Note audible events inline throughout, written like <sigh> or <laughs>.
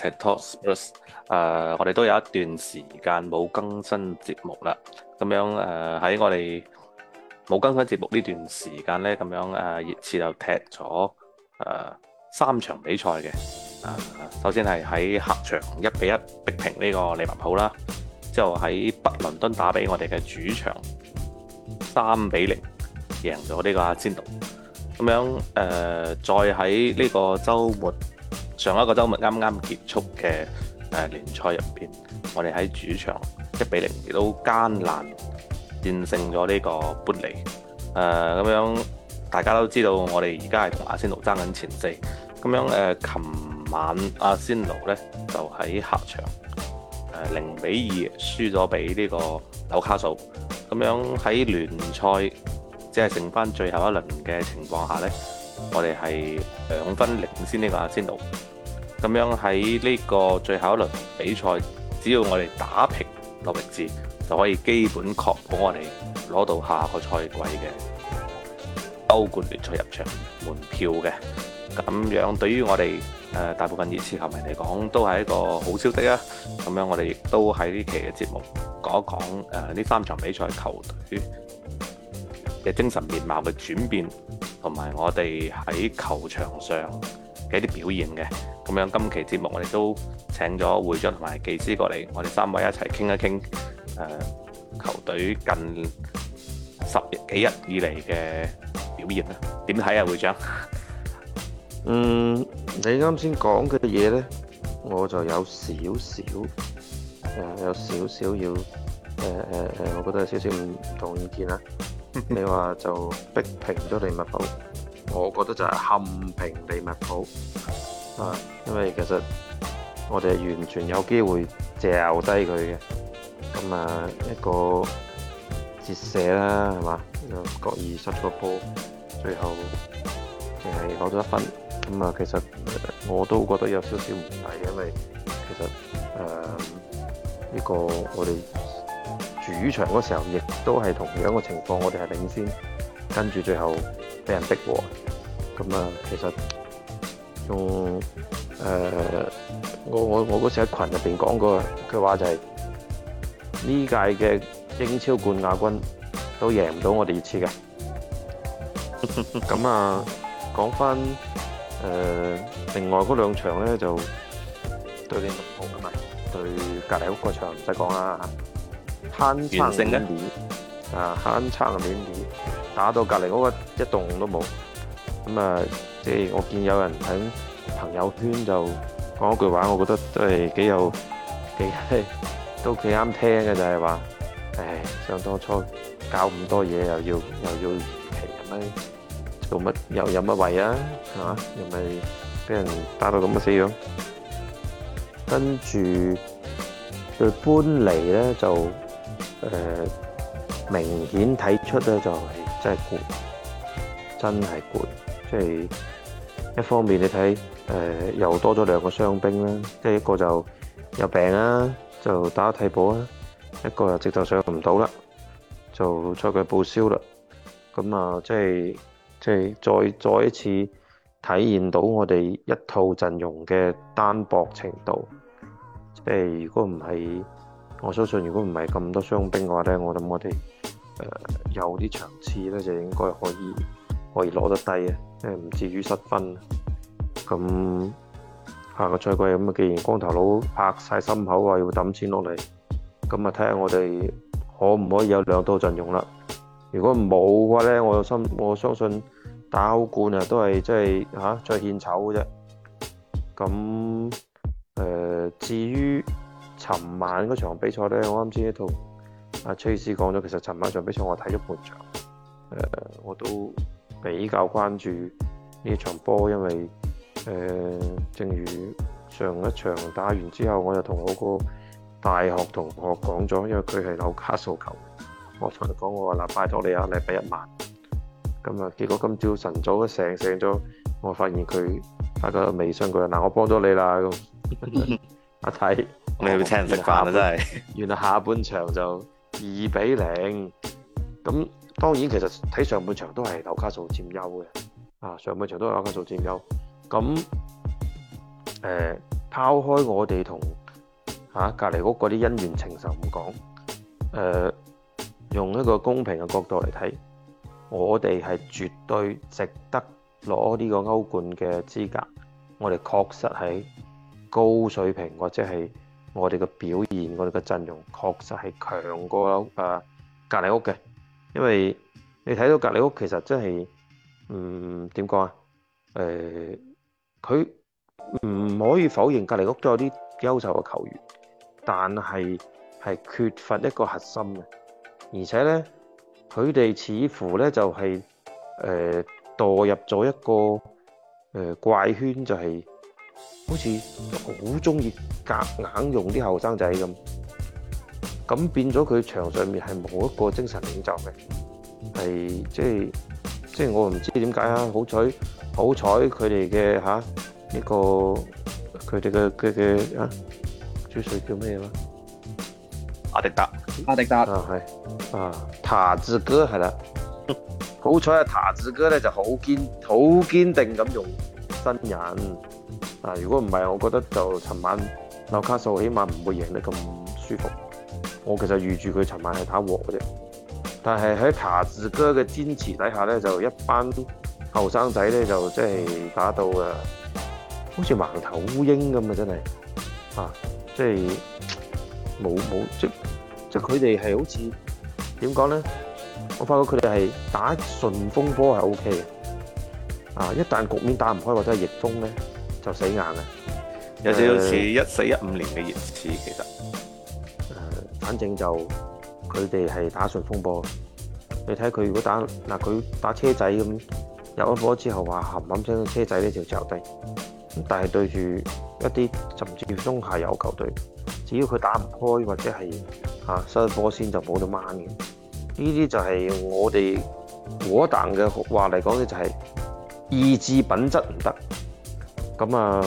喺 Talk Spurs、呃、我哋都有一段時間冇更新節目啦。咁樣誒喺、呃、我哋冇更新節目呢段時間呢，咁樣誒熱刺又踢咗誒、呃、三場比賽嘅、呃。首先係喺客場一比一逼平呢個利物浦啦，之後喺北倫敦打俾我哋嘅主場三比零贏咗呢個阿仙奴。咁樣誒再喺呢個周末。上一個周末啱啱結束嘅誒聯賽入邊，我哋喺主場一比零亦都艱難戰勝咗呢個般尼誒咁樣。大家都知道我哋而家係同阿仙奴爭緊前四咁樣誒。呃、琴晚阿仙奴咧就喺客場誒零比二輸咗俾呢個紐卡素咁樣，喺聯賽即係剩翻最後一輪嘅情況下咧，我哋係兩分領先呢個阿仙奴。咁樣喺呢個最後一輪比賽，只要我哋打平諾域治，就可以基本確保我哋攞到下個賽季嘅歐冠聯賽入場門票嘅。咁樣對於我哋誒、呃、大部分熱刺球迷嚟講，都係一個好消息啊！咁樣我哋亦都喺呢期嘅節目講一講誒呢、呃、三場比賽球隊嘅精神面貌嘅轉變，同埋我哋喺球場上。一啲表現嘅，咁樣今期節目我哋都請咗會長同埋技師過嚟，我哋三位一齊傾一傾誒球隊近十幾日以嚟嘅表現啦。點睇啊，會長？嗯，你啱先講嘅嘢咧，我就有少少誒，有少少要誒誒誒，我覺得有少少唔同意見啦。你話就逼平咗利物浦。我覺得就係逼平利物浦啊，因為其實我哋完全有機會嚼低佢嘅。咁啊，一個折射啦，係嘛？個二失個波，最後淨係攞咗一分。咁啊，其實我都覺得有少少唔抵，因為其實誒呢、啊呢個我哋主場嗰時候亦都係同樣嘅情況，我哋係領先，跟住最後，被人逼喎，咁啊，其實用、呃、我我我嗰時喺群入邊講過嘅，佢話就係、是、呢屆嘅英超冠亞軍都贏唔到我哋熱刺嘅。咁 <laughs> 啊，講翻、呃、另外嗰兩場咧，就對你唔好咁咪，對隔籬屋嗰場唔使講啦，酣暢淋漓，勝啊，酣暢淋漓，打到隔離嗰個一棟都冇，咁啊，即係我見有人喺朋友圈就講一句話，我覺得都係幾有幾都幾啱聽嘅，就係話，唉，想當初搞咁多嘢，又要又要皮咁樣做乜，又飲乜胃啊，嚇，又咪俾人打到咁嘅死樣，跟住佢搬嚟咧就誒明顯睇出咧就。真係攰，真係攰。即係一方面你睇，誒又多咗兩個傷兵啦，即係一個就有病啦，就打替補啦；一個又直頭上唔到啦，就賽季報銷啦。咁啊，即係即係再再一次體現到我哋一套陣容嘅單薄程度。即係如果唔係，我相信如果唔係咁多傷兵嘅話咧，我諗我哋。呃、有啲場次咧就應該可以可以攞得低啊，即係唔至於失分。咁下個賽季咁啊，既然光頭佬拍晒心口話要抌錢落嚟，咁啊睇下我哋可唔可以有兩套陣容啦？如果冇嘅話咧，我心我相信打歐冠都啊都係即係吓再獻醜嘅啫。咁誒、呃，至於尋晚嗰場比賽咧，我啱先一套。阿 Chase 講咗，其實尋晚場比賽我睇咗半場，誒、呃，我都比較關注呢場波，因為誒、呃，正如上一場打完之後，我就同我個大學同學講咗，因為佢係紐卡素球，我同佢講我話嗱，拜託你啊，禮拜一晚，咁啊，結果今朝晨早醒醒咗，我發現佢喺個微信嗰度嗱，我幫咗你啦，咁我睇，你必請人食飯啊真係的， <laughs> 原來下半場就。二比零，咁當然其實睇上半場都係紐卡素佔優嘅，啊上半場都係紐卡素佔優，咁誒拋開我哋同吓隔籬屋嗰啲恩怨情仇唔講，誒、呃、用一個公平嘅角度嚟睇，我哋係絕對值得攞呢個歐冠嘅資格，我哋確實喺高水平或者係。我哋嘅表現，我哋嘅陣容確實係強過誒隔籬屋嘅，因為你睇到隔籬屋其實真係，嗯，點講啊？誒，佢、呃、唔可以否認隔籬屋都有啲優秀嘅球員，但係係缺乏一個核心嘅，而且咧佢哋似乎咧就係、是、誒、呃、墮入咗一個誒、呃、怪圈，就係、是。好似好中意夾硬用啲後生仔咁，咁變咗佢場上面係冇一個精神領袖嘅，係即係即係我唔知點解啊！好彩好彩佢哋嘅嚇呢個佢哋嘅嘅嘅啊，主帥叫咩嘢啊？阿迪達阿迪達啊，係啊，塔子哥係啦，好彩阿塔子哥咧就好堅好堅定咁用新人。嗱、啊，如果唔係，我覺得就尋晚紐卡素起碼唔會贏得咁舒服。我其實預住佢尋晚係打和嘅啫，但係喺卡字哥嘅堅持底下咧，就一班後生仔咧就真係打到像的的啊，好似盲頭烏蠅咁啊！真係啊，即係冇冇即即佢哋係好似點講咧？我發覺佢哋係打順風波係 O K 嘅啊，一旦局面打唔開或者係逆風咧。就死硬嘅，有少少似一四一五年嘅熱刺，其實誒、呃，反正就佢哋係打順風波。你睇佢如果打嗱佢、啊、打車仔咁入咗波之後話冚冚聲，車仔咧就着低。咁但係對住一啲甚至中下游球隊，只要佢打唔開或者係嚇、啊、收一波先就冇得掹嘅。呢啲就係我哋果壇嘅話嚟講咧，就係、就是、意志品質唔得。咁啊，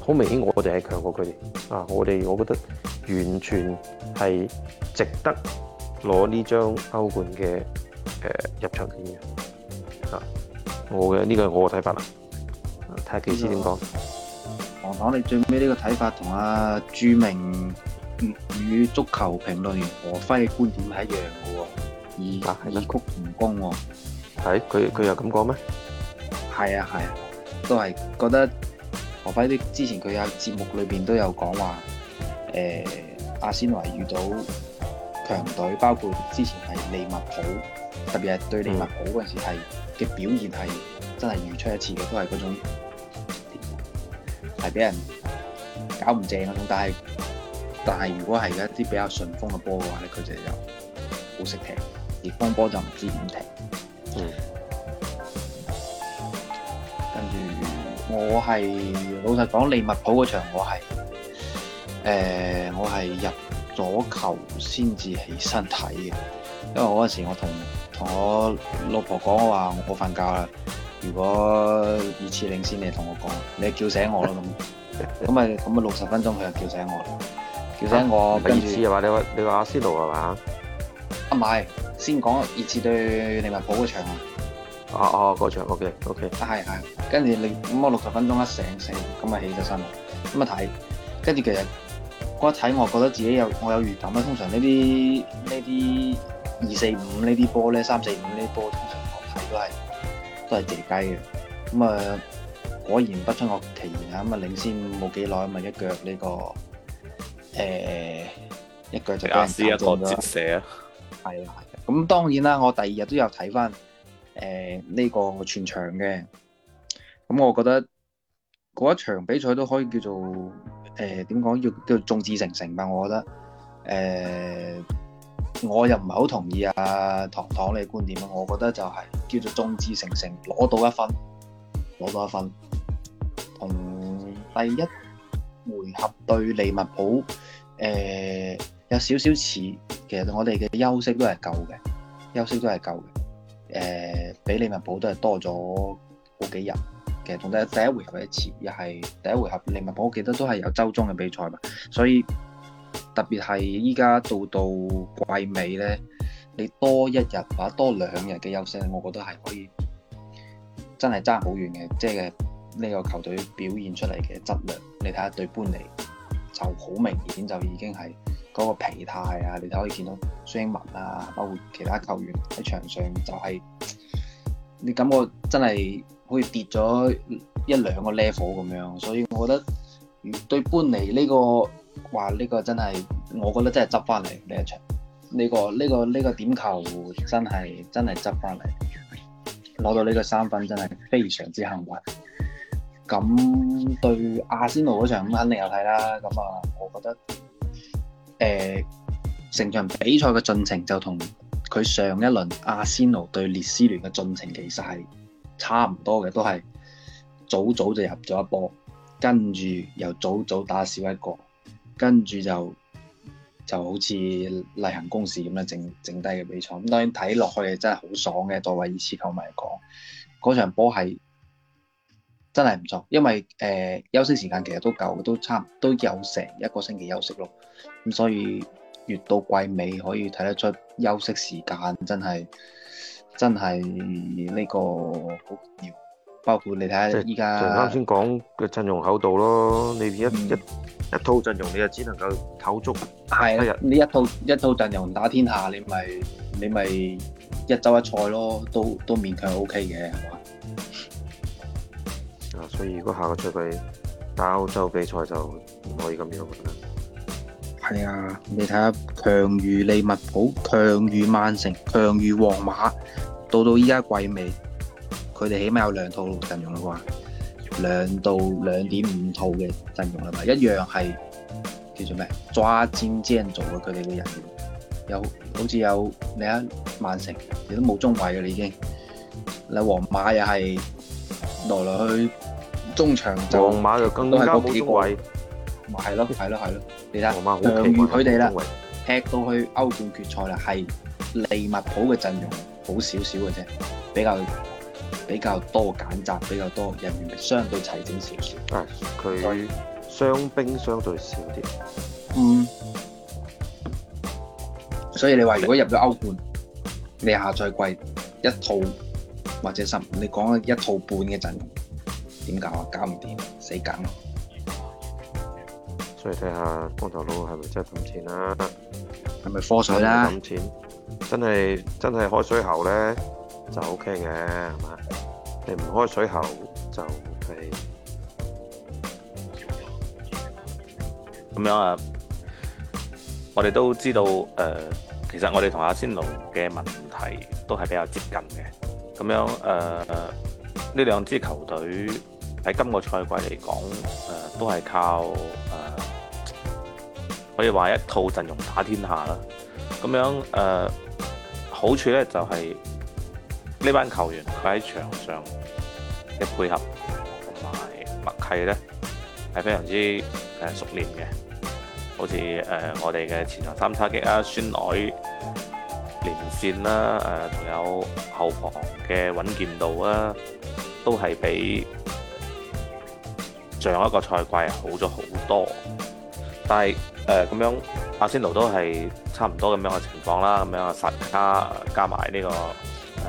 好明顯我哋係強過佢哋啊！我哋我覺得完全係值得攞呢張歐冠嘅誒入場券嘅啊！我嘅呢、呢個係我嘅睇法啦，睇下技師點講。唐唐，你最尾呢個睇法同阿著名粵語足球評論員何輝嘅觀點係一樣嘅喎，以、啊、異曲同工喎。係、欸，佢佢又咁講咩？係啊，係啊。都係覺得，何輝啲之前佢喺節目裏邊都有講話，誒、欸、阿仙奴遇到強隊，包括之前係利物浦，特別係對利物浦嗰陣時候，係嘅表現係真係如出一次嘅，都係嗰種係俾人搞唔正嗰種。但係但係，如果係一啲比較順風嘅波嘅話咧，佢就又好識踢，逆風波就唔知點踢。嗯。跟住我係老實講，利物浦嗰場我係，誒、呃、我係入咗球先至起身睇嘅，因為我嗰時我同同我老婆講話我瞓覺啦，如果熱刺領先你同我講，你叫醒我啦咁，咁咪咁咪六十分鐘佢就叫醒我， <laughs> 叫醒我跟住，熱刺又話，你話你話阿仙奴係嘛？啊唔係，先講熱刺對利物浦嗰場啊。哦哦，嗰場 OK OK，係係，跟住你摸六十分鐘一醒醒，咁啊起咗身啦，咁啊睇，跟住其實我一睇，我覺得自己有我有預感啦。通常呢啲呢啲二四五呢啲波咧，三四五呢啲波，通常我睇都係都係借雞嘅。咁啊，果然不出我其言啊，咁啊領先冇幾耐啊，咪一腳呢個誒一腳就俾人打中啦。係啦係啦，咁當然啦，我第二日都有睇翻。誒，呢、呃這個全場嘅，咁、嗯、我覺得嗰一場比賽都可以叫做，誒、呃，點講，要叫做眾志成城吧。我覺得，誒、呃，我又唔係好同意阿唐唐你嘅觀點啊。我覺得就係叫做眾志成城，攞到一分，攞到一分，同第一回合對利物浦，誒、呃，有少少似。其實我哋嘅休息都係夠嘅，休息都係夠嘅。誒，比利物浦都係多咗好幾日，其實同第第一回合一次，又係第一回合利物浦，我記得都係有周中嘅比賽嘛，所以特別係依家到到季尾咧，你多一日或者多兩日嘅休息，我覺得係可以真係差好遠嘅，即係呢個球隊表現出嚟嘅質量，你睇下對般尼就好明顯就已經係。嗰個疲態啊，你睇可以見到孫興慜啊，包括其他球員喺場上就係，你感覺真係好似跌咗一兩個 level 咁樣，所以我覺得對般尼呢個話呢個真係，我覺得真係執翻嚟呢一場，呢個呢個呢個點球真係真係執翻嚟，攞到呢個三分真係非常之幸運。咁對阿仙奴嗰場咁肯定有睇啦，咁啊，我覺得。誒，成、呃、場比賽嘅進程就同佢上一輪阿仙奴對列斯聯嘅進程其實係差唔多嘅，都係早早就入咗一波，跟住又早早打少一個，跟住就就好似例行公事咁樣，剩剩低嘅比賽咁。當然睇落去真係好爽嘅，作為二次球迷嚟講，嗰場波係真係唔錯，因為誒、呃、休息時間其實都夠，都差唔多都有成一個星期休息咯。咁所以越到季尾可以睇得出休息時間真係真係呢、呢個好，包括你睇下依家。即啱先講嘅陣容厚度咯，你一、嗯、一一,一套陣容你就只能夠唞足。係啊，你一套一套陣容唔打天下，你咪你咪一周一賽咯，都都勉強 O K 嘅，係嘛？啊，所以如果下個賽季打歐洲比賽就唔可以咁樣啦。係啊，你睇下強如利物浦、強如曼城、強如皇馬，到到依家季尾，佢哋起碼有兩套陣容啦啩，兩到兩點五套嘅陣容啦嘛，一樣係叫做咩？抓尖尖做嘅，佢哋嘅人員有好似有，你睇曼城，亦都冇中衛嘅，你已經，你皇馬又係來來去中場就皇馬又更都係冇中衛，咪係咯，係咯、啊，係咯、啊。你睇，佢哋啦，踢、嗯、到、嗯、去歐冠決賽啦，係利物浦嘅陣容好少少嘅啫，比較比較多揀擇，比較多人員，相對齊整少少。係佢傷兵相對少啲。嗯，所以你話如果入咗歐冠，你下賽季一套或者十，你講一套半嘅陣容點搞啊？搞唔掂，死梗。再睇下光頭佬係咪真係揼錢啦、啊？係咪科水啦、啊？揼錢真係真係開水喉咧，就 OK 嘅，係咪啊？你唔開水喉就係咁樣啊！我哋都知道誒、呃，其實我哋同阿仙奴嘅問題都係比較接近嘅。咁樣誒呢、呃、兩支球隊。喺今個賽季嚟講，誒、呃、都係靠誒、呃、可以話一套陣容打天下啦。咁樣誒、呃、好處咧，就係呢班球員佢喺場上嘅配合同埋默契咧，係非常之誒、呃、熟練嘅。好似誒我哋嘅前場三叉戟啊、孫奶連線啦，誒、啊、仲有後防嘅穩健度啊，都係比上一個賽季好咗好多，但係誒咁樣阿仙奴都係差唔多咁樣嘅情況啦，咁樣阿薩卡加埋呢、這個誒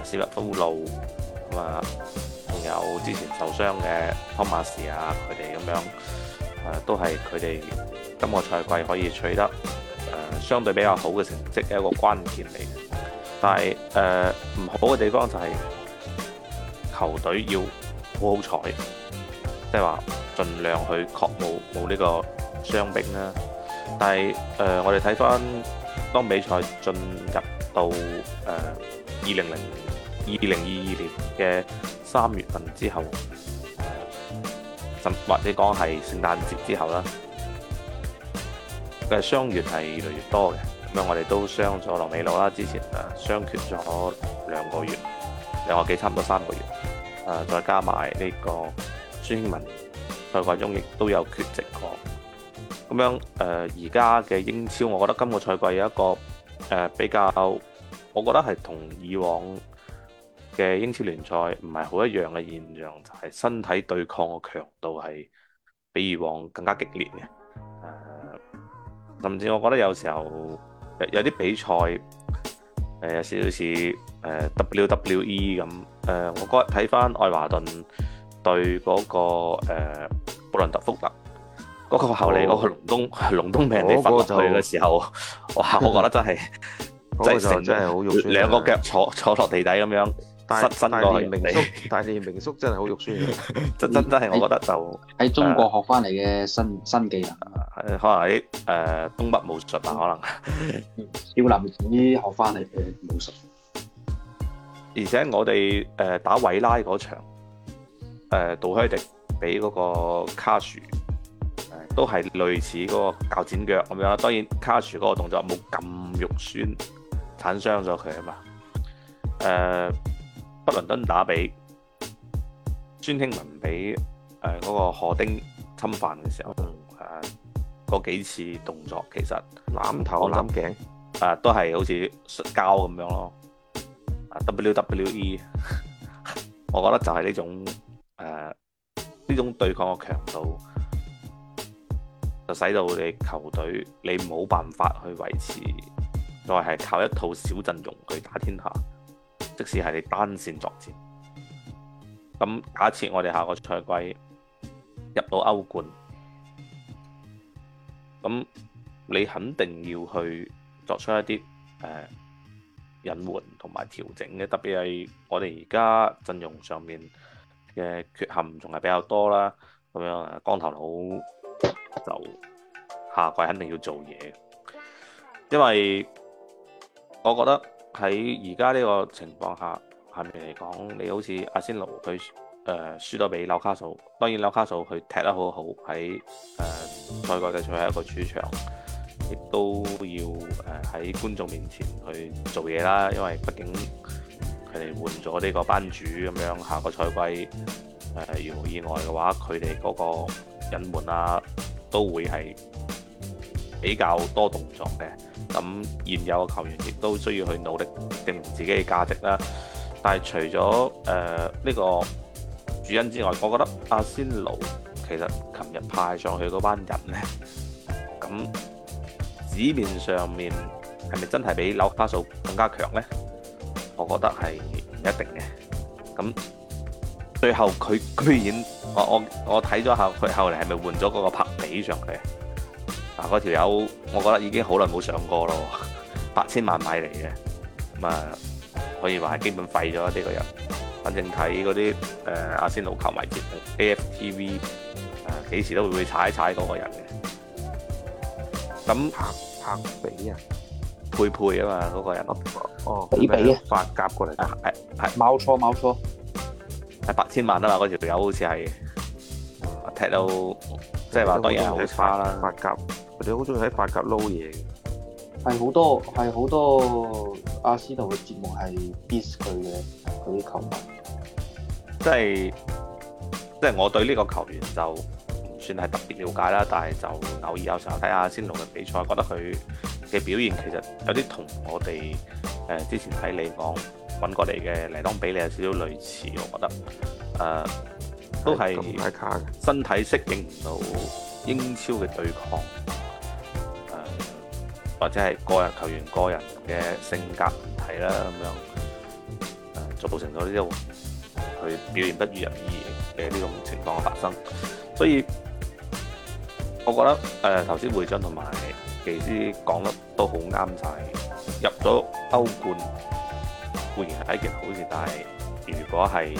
史密夫路，咁啊，仲有之前受傷嘅托馬士啊，佢哋咁樣誒、啊、都係佢哋今個賽季可以取得誒、啊、相對比較好嘅成績嘅一個關鍵嚟，但係誒唔好嘅地方就係球隊要好好彩。即係話，盡量去確保冇呢個傷兵啦。但係誒、呃，我哋睇翻當比賽進入到誒二零零二零二二年嘅三月份之後，甚或者講係聖誕節之後啦嘅傷員係越嚟越多嘅。咁樣我哋都傷咗羅美魯啦，之前誒傷缺咗兩個月，兩個幾，差唔多三個月，誒、呃、再加埋呢、呢個。孫興慜賽季中亦都有缺席過，咁樣誒而家嘅英超，我覺得今個賽季有一個誒、呃、比較，我覺得係同以往嘅英超聯賽唔係好一樣嘅現象，就係、是、身體對抗嘅強度係比以往更加激烈嘅誒、呃，甚至我覺得有時候有啲比賽、呃、有少少似誒 WWE 咁誒、呃，我覺得睇翻愛華頓。對嗰個誒布倫特福特，嗰個後嚟嗰個龍冬龍冬俾人哋瞓落去嘅時候，哇！我覺得真係真係好肉酸，兩個腳坐坐落地底咁樣，伸伸落去地。大理名宿真係好肉酸，真真真係我覺得就喺中國學翻嚟嘅新新技能，可能喺誒東北武術吧，可能。少林寺學翻嚟嘅武術，而且我哋誒打韋拉嗰場。誒杜希迪俾嗰個卡殊，都係類似嗰個鉸剪腳咁樣啦。當然卡殊嗰個動作冇咁肉酸，鏟傷咗佢啊嘛。誒、呃、北倫敦打吡孫興慜，俾誒嗰個何丁侵犯嘅時候，誒嗰、嗯啊、幾次動作其實攬頭攬頸誒都係好似摔跤咁樣咯。WWE 我覺得就係呢種。誒，呢、uh, 種對抗嘅強度就使到你球隊你冇辦法去維持，再係靠一套小陣容去打天下。即使係你單線作戰，咁假設我哋下個賽季入到歐冠，咁你肯定要去作出一啲誒隱瞞同埋調整嘅，特別係我哋而家陣容上面。嘅缺陷仲係比較多啦，咁樣啊，光頭佬就下季肯定要做嘢，因為我覺得喺而家呢個情況下，下面嚟講，你好似阿仙奴佢誒輸咗俾紐卡素，當然紐卡素佢踢得好好，喺誒賽季嘅最後一個主場，亦都要誒喺觀眾面前去做嘢啦，因為畢竟。佢哋換咗呢個班主咁樣，下個賽季如無意外嘅話，佢哋嗰個隱瞞啊，都會係比較多動作嘅。咁現有嘅球員亦都需要去努力證明自己嘅價值啦。但係除咗呢、呃呢個主因之外，我覺得阿仙奴其實琴日派上去嗰班人咧，咁紙面上面係咪真係比紐卡素更加強咧？我覺得係唔一定嘅，咁最後佢居然，我我我睇咗下佢後嚟係咪換咗嗰個柏比上去？嗰條友，我覺得已經好耐冇上過咯，八千萬買嚟嘅，咁啊可以話係基本廢咗呢個人，反正睇嗰啲誒阿仙奴球迷節目，AFTV 幾時都會會踩一踩嗰個人嘅，咁柏柏比啊！配配啊嘛，嗰，那個人咯，哦，比比嘅法甲過嚟係係冇錯冇錯，係八千萬啊嘛，嗰條友好似係踢到，嗯嗯，即係話當然好差啦。法甲，佢哋好中意喺法甲撈嘢嘅，係好多係好多阿斯杜嘅節目係 dis 佢嘅佢啲球迷，即係即係我對呢個球員就唔算係特別了解啦，但係就偶爾有時候睇阿仙奴嘅比賽，覺得佢。嘅表現其實有啲同我哋誒、呃、之前睇你講揾過嚟嘅嚟安比例有少少類似，我覺得誒、呃、都係身體適應唔到英超嘅對抗，誒、呃、或者係個人球員個人嘅性格問題啦，咁樣誒，造、呃、成咗呢種佢表現不如人意嘅呢種情況發生，所以我覺得誒頭先會長同埋。技師講得都好啱晒。入咗歐冠固然係一件好事，但係如果係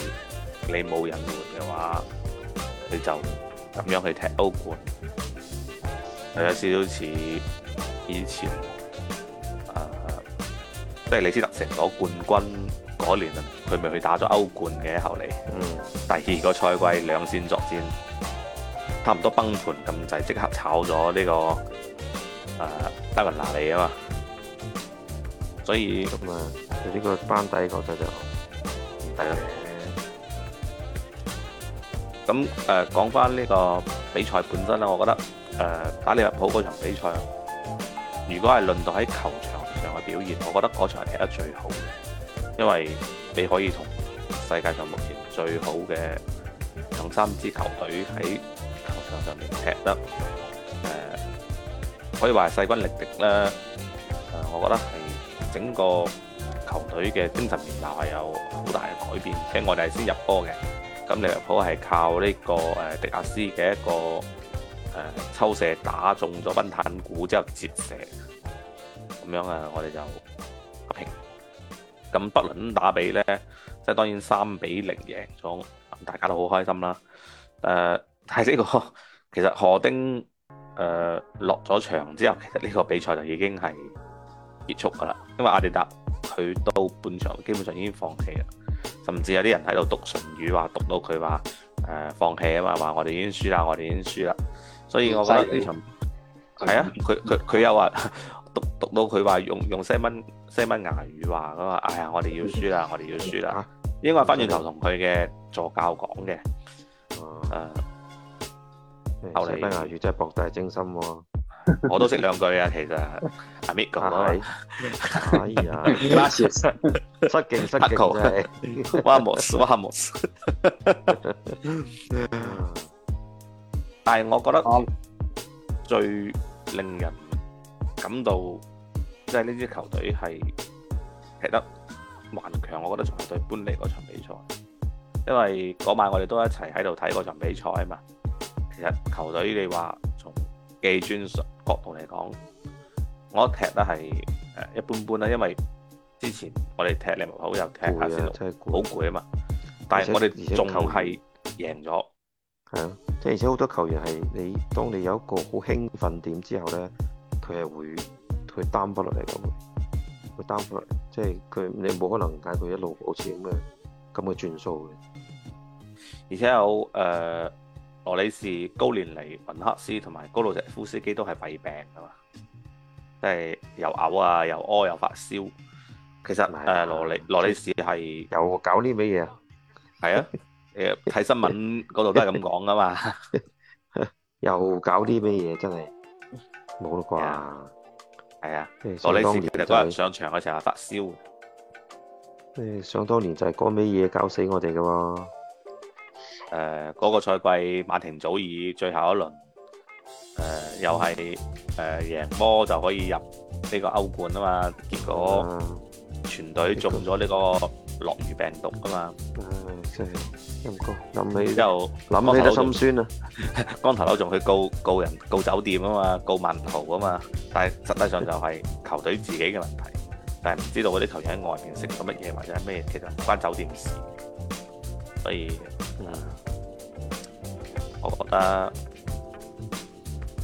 你冇人換嘅話，你就咁樣去踢歐冠係、嗯、有少少似以前，呃、即係李斯特城攞冠軍嗰年佢咪去打咗歐冠嘅後嚟，嗯，第二個賽季兩線作戰，差唔多崩盤咁滯，即刻炒咗呢、這個。誒，得人拿嚟啊嘛，所以咁啊，你呢、嗯、個班底覺得就，其實就係咁。誒、呃，講翻呢個比賽本身啦，我覺得誒、呃，打利物浦嗰場比賽，如果係論到喺球場上嘅表現，我覺得嗰場係踢得最好嘅，因為你可以同世界上目前最好嘅兩三支球隊喺球場上面踢得誒。嗯呃可以話係勢均力敵啦。誒，我覺得係整個球隊嘅精神面貌係有好大嘅改變。即係我哋係先入波嘅，咁利物浦係靠呢個誒迪亞斯嘅一個誒、呃、抽射打中咗賓坦古之後折射，咁樣啊，我哋就平。咁北倫打比咧，即係當然三比零贏咗，大家都好開心啦。誒、呃，係呢、這個其實何丁。誒落咗場之後，其實呢個比賽就已經係結束㗎啦，因為阿迪達佢到半場基本上已經放棄啦，甚至有啲人喺度讀唇語，話讀到佢話誒放棄啊嘛，話我哋已經輸啦，我哋已經輸啦，所以我覺得呢場係啊，佢佢佢又話讀讀到佢話用用西班牙西班牙語話咁話，哎呀我哋要輸啦，我哋要輸啦，應該翻轉頭同佢嘅助教講嘅誒。呃後黎，賓牙語真係博大精深喎，我都識兩句啊，其實阿 Mike 講嗰位，哎呀，失敬失敬，屈莫斯屈莫斯，但係我覺得最令人感到即係呢支球隊係踢得頑強，我覺得就係對般尼嗰場比賽，因為嗰晚我哋都一齊喺度睇嗰場比賽啊嘛。其實球隊你話從技戰術角度嚟講，我得踢得係誒一般般啦，因為之前我哋踢利物浦又踢阿仙奴，好攰啊嘛。但係我哋仲係贏咗。係啊，即係而且好多球員係你當你有一個好興奮點之後咧，佢係會佢 down 翻落嚟我會 down 翻落嚟。即係佢你冇可能嗌佢一路保持咁嘅咁嘅轉數嘅。的的而且有誒。呃羅里士、高連尼、文克斯同埋高魯石夫斯基都係胃病啊嘛，即係又嘔啊，又屙又發燒。其實唔係誒，羅里羅里士係又搞啲咩嘢？係啊，誒，睇新聞嗰度都係咁講噶嘛，又搞啲咩嘢？真係冇啦啩？係啊，羅里士其實就上場嗰陣發燒。誒，想當年就係嗰咩嘢搞死我哋噶喎？誒，嗰個賽季馬庭祖爾最後一輪，誒又係誒贏波就可以入呢個歐冠啊嘛，結果全隊中咗呢個諾如病毒啊嘛，真係咁講，諗起之後諗起都心酸啊！光頭佬仲去告告人告酒店啊嘛，告萬豪啊嘛，但係實際上就係球隊自己嘅問題，但係唔知道嗰啲球員喺外邊食咗乜嘢，或者係咩，其實關酒店事。所以，嗯、我覺得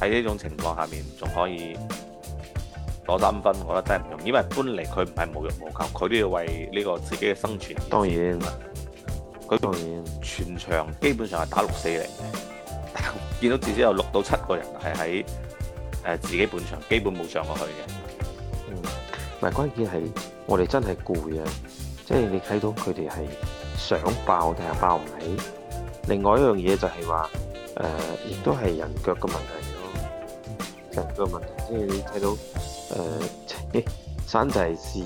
喺呢種情況下面，仲可以攞三分，嗯、我覺得真係唔容易。因為搬嚟佢唔係無欲無求，佢都要為呢個自己嘅生存當。當然，佢當然全場基本上係打六四零嘅，見到至少有六到七個人係喺誒自己半場，基本冇上，上過去嘅。唔、嗯，唔係關鍵係我哋真係攰啊！即係你睇到佢哋係。想爆，但係爆唔起。另外一樣嘢就係話，誒、呃，亦都係人腳嘅問題咯。人腳嘅問題，即、欸、係你睇到誒、呃欸，山崎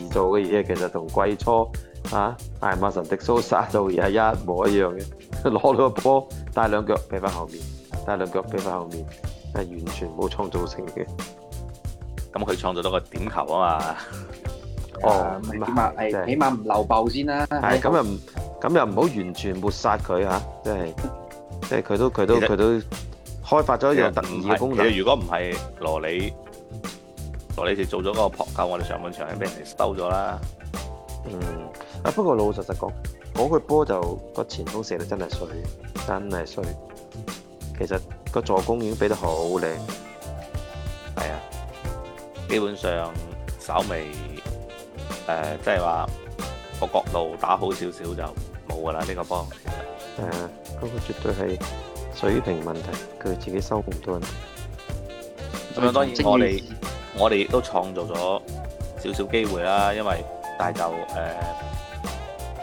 時造嘅嘢其實同季初啊，艾馬神迪蘇沙而係一模一樣嘅，攞到個波，帶兩腳俾翻後面，帶兩腳俾翻後面，係完全冇創造性嘅。咁佢創造咗個點球啊嘛～哦，嗯、起碼係、就是、起碼唔漏爆先啦。係咁是又唔咁又唔好完全抹殺佢嚇、啊就是，即係即係佢都佢都佢實都開發咗一樣特異嘅功能。能。如果唔係羅里，羅里士做咗嗰個撲救，我哋上半場已經俾人收咗啦。嗯，啊，不過老老實實講，嗰、嗰個波就、個前鋒射得真係衰，真係衰。其實個助攻已經俾得好靚、嗯，係啊，基本上稍微。誒，即係話個角度打好少少就冇㗎喇。呢、這個波其實。誒、啊，嗰、那個絕對係水平問題，佢自己收唔到。咁樣當然我哋，正正我哋亦都創造咗少少機會啦，因為大就誒呢、呃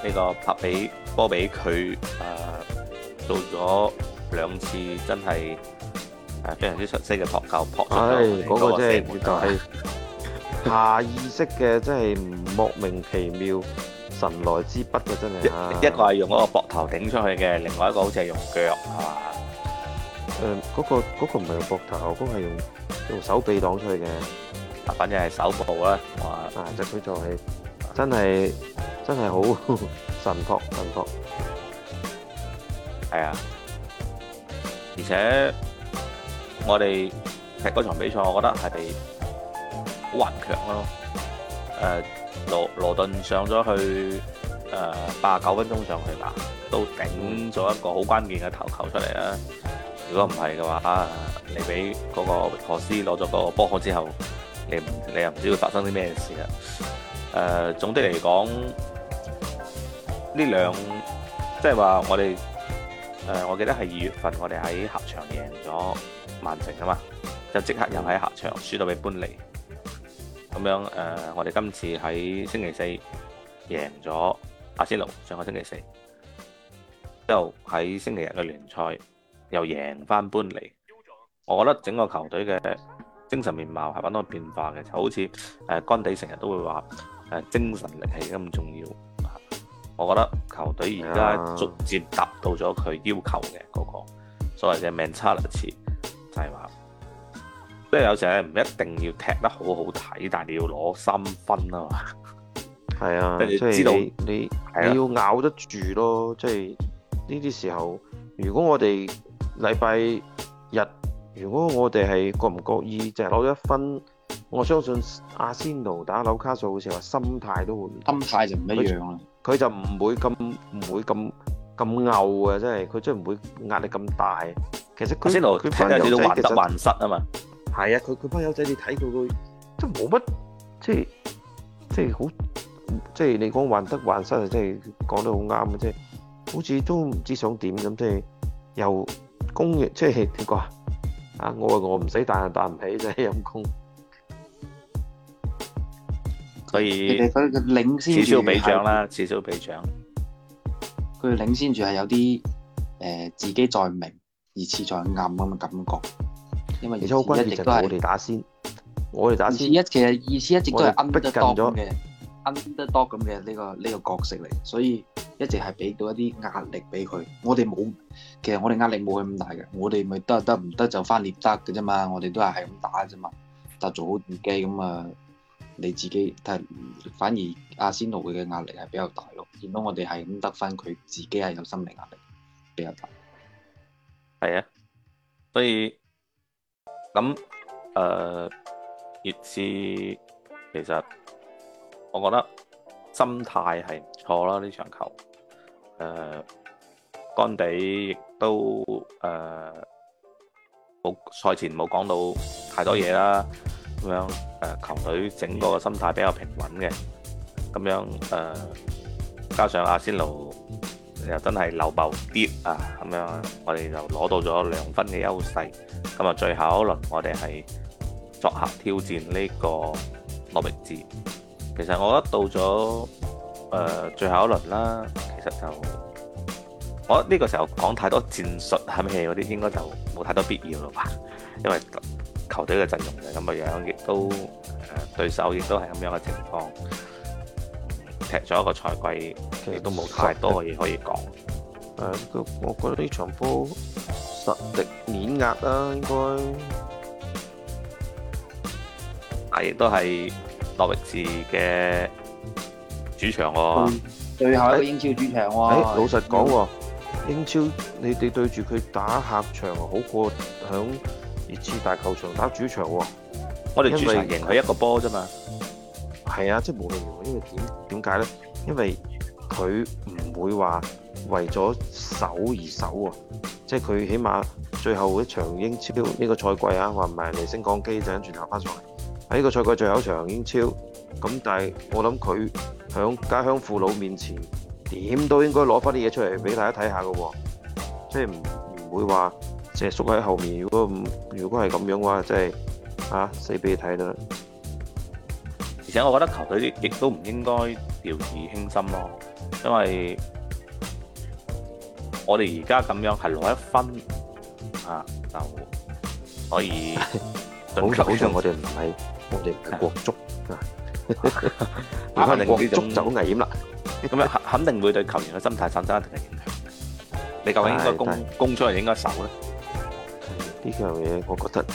這個拍俾波比佢、呃、做咗兩次真係誒非常之出色嘅撲救撲。係、啊，嗰個、就是、個真係就係、就。是下意識嘅，真係莫名其妙神來之筆嘅，真係。一,啊、一個係用嗰個膊頭頂出去嘅，另外一個好似係用腳，係嘛、啊嗯？誒、嗰個，嗰、嗰個唔係用膊頭，嗰、嗰個係用用手臂擋出去嘅。嗱，反正係手部啦。哇啊，嗱，佢就係真係真係好神撲神撲。係啊，而且我哋踢嗰場比賽，我覺得係。好頑強咯！誒、呃，羅羅頓上咗去誒八十九分鐘上去啦，都頂咗一個好關鍵嘅頭球出嚟啊！如果唔係嘅話啊，你俾嗰個托斯攞咗個波後之後，你唔你又唔知會發生啲咩事啊！誒、呃，總的嚟講，呢兩即係話我哋誒、呃，我記得係二月份我哋喺客場贏咗曼城啊嘛，就即刻又喺客場輸到俾般尼。咁樣誒、呃，我哋今次喺星期四贏咗阿仙奴，上個星期四，之後喺星期日嘅聯賽又贏翻般尼，我覺得整個球隊嘅精神面貌係揾到變化嘅，就好似誒干地成日都會話誒、呃、精神力氣咁重要，我覺得球隊而家逐漸達到咗佢要求嘅嗰、那個所謂 ici，所以嘅命差了一次，就係話。即係有時係唔一定要踢得好好睇，但係你要攞三分啊嘛。係啊，即係你知道你要咬得住咯。即係呢啲時候，如果我哋禮拜日，如果我哋係覺唔覺意，淨係攞一分，我相信阿仙奴打紐卡素嘅時候，心態都會心態就唔一樣啦。佢就唔會咁唔會咁咁拗啊！即係佢真係唔會壓力咁大。其實阿仙奴睇下你都患得患失啊嘛。係啊，佢佢班友仔，你睇到佢，都冇乜，即係即係好，即係你講患得患失啊，即係講得好啱啊，即係好似都唔知想點咁，即係又攻亦即係點講啊？我話我唔使彈，彈唔起就係陰功，所以佢嘅領先些，少少俾獎啦，至少俾獎。佢領先住係有啲，誒，自己在明而似在暗咁嘅感覺。因且我哋一直都係我哋打先，我哋打先一其實意思一直都係奀得多咁嘅，得多咁嘅呢個呢、呢個角色嚟，所以一直係俾到一啲壓力俾佢。我哋冇，其實我哋壓力冇佢咁大嘅，我哋咪得得唔得就翻獵得嘅啫嘛，我哋都係係咁打啫嘛，就做好自己咁啊，你自己睇，反而阿仙奴佢嘅壓力係比較大咯。見到我哋係咁得分，佢自己係有心理壓力比較大，係啊，所以。咁，誒熱刺，其實我覺得心態係唔錯啦。呢場球，誒、呃、干地亦都誒冇賽前冇講到太多嘢啦，咁樣誒、呃、球隊整個的心態比較平穩嘅，咁樣誒、呃、加上阿仙奴。又真係流爆啲啊！咁樣我哋就攞到咗兩分嘅優勢。咁啊，最後一輪我哋係作客挑戰呢個諾域治。其實我覺得到咗誒最後一輪啦，其實就我覺得呢個時候講太多戰術諗戲嗰啲，應該就冇太多必要嘞吧。因為球隊嘅陣容就咁嘅樣，亦都誒對手亦都係咁樣嘅情況。踢咗一個賽季，其實都冇太多嘢可以講。誒了，我、呃、我覺得呢場波實力碾壓啦，應該。係亦、啊、都係諾域治嘅主場喎，啊。最後一個英超主場喎，啊。誒、欸欸，老實講喎，嗯、英超你哋對住佢打客場好過響熱刺大球場打主場喎，啊。我哋主場贏佢一個波啫嘛。係啊，即係冇理由，為為什麼呢，為點點解咧？因為佢唔會話為咗守而守喎，即係佢起碼最後一場英超呢、呢個賽季啊，話唔埋嚟升降機就轉頭翻上嚟喺呢個賽季最後一場英超，咁但係我諗佢喺家鄉父老面前點都應該攞翻啲嘢出嚟俾大家睇下嘅喎，即係唔唔會話射縮喺後面。如果唔如果係咁樣嘅話，即係啊，死俾你睇得啦。而且我覺得球隊亦都唔應該掉以輕心咯，因為我哋而家咁樣係攞一分、嗯、啊就可以好，好像我哋唔係我哋唔係國足，冇國足就好危險啦。咁樣肯定會對球員嘅心態產生一定嘅影響。 <laughs> 你究竟應該攻是攻出嚟，應該守咧？呢樣嘢我覺得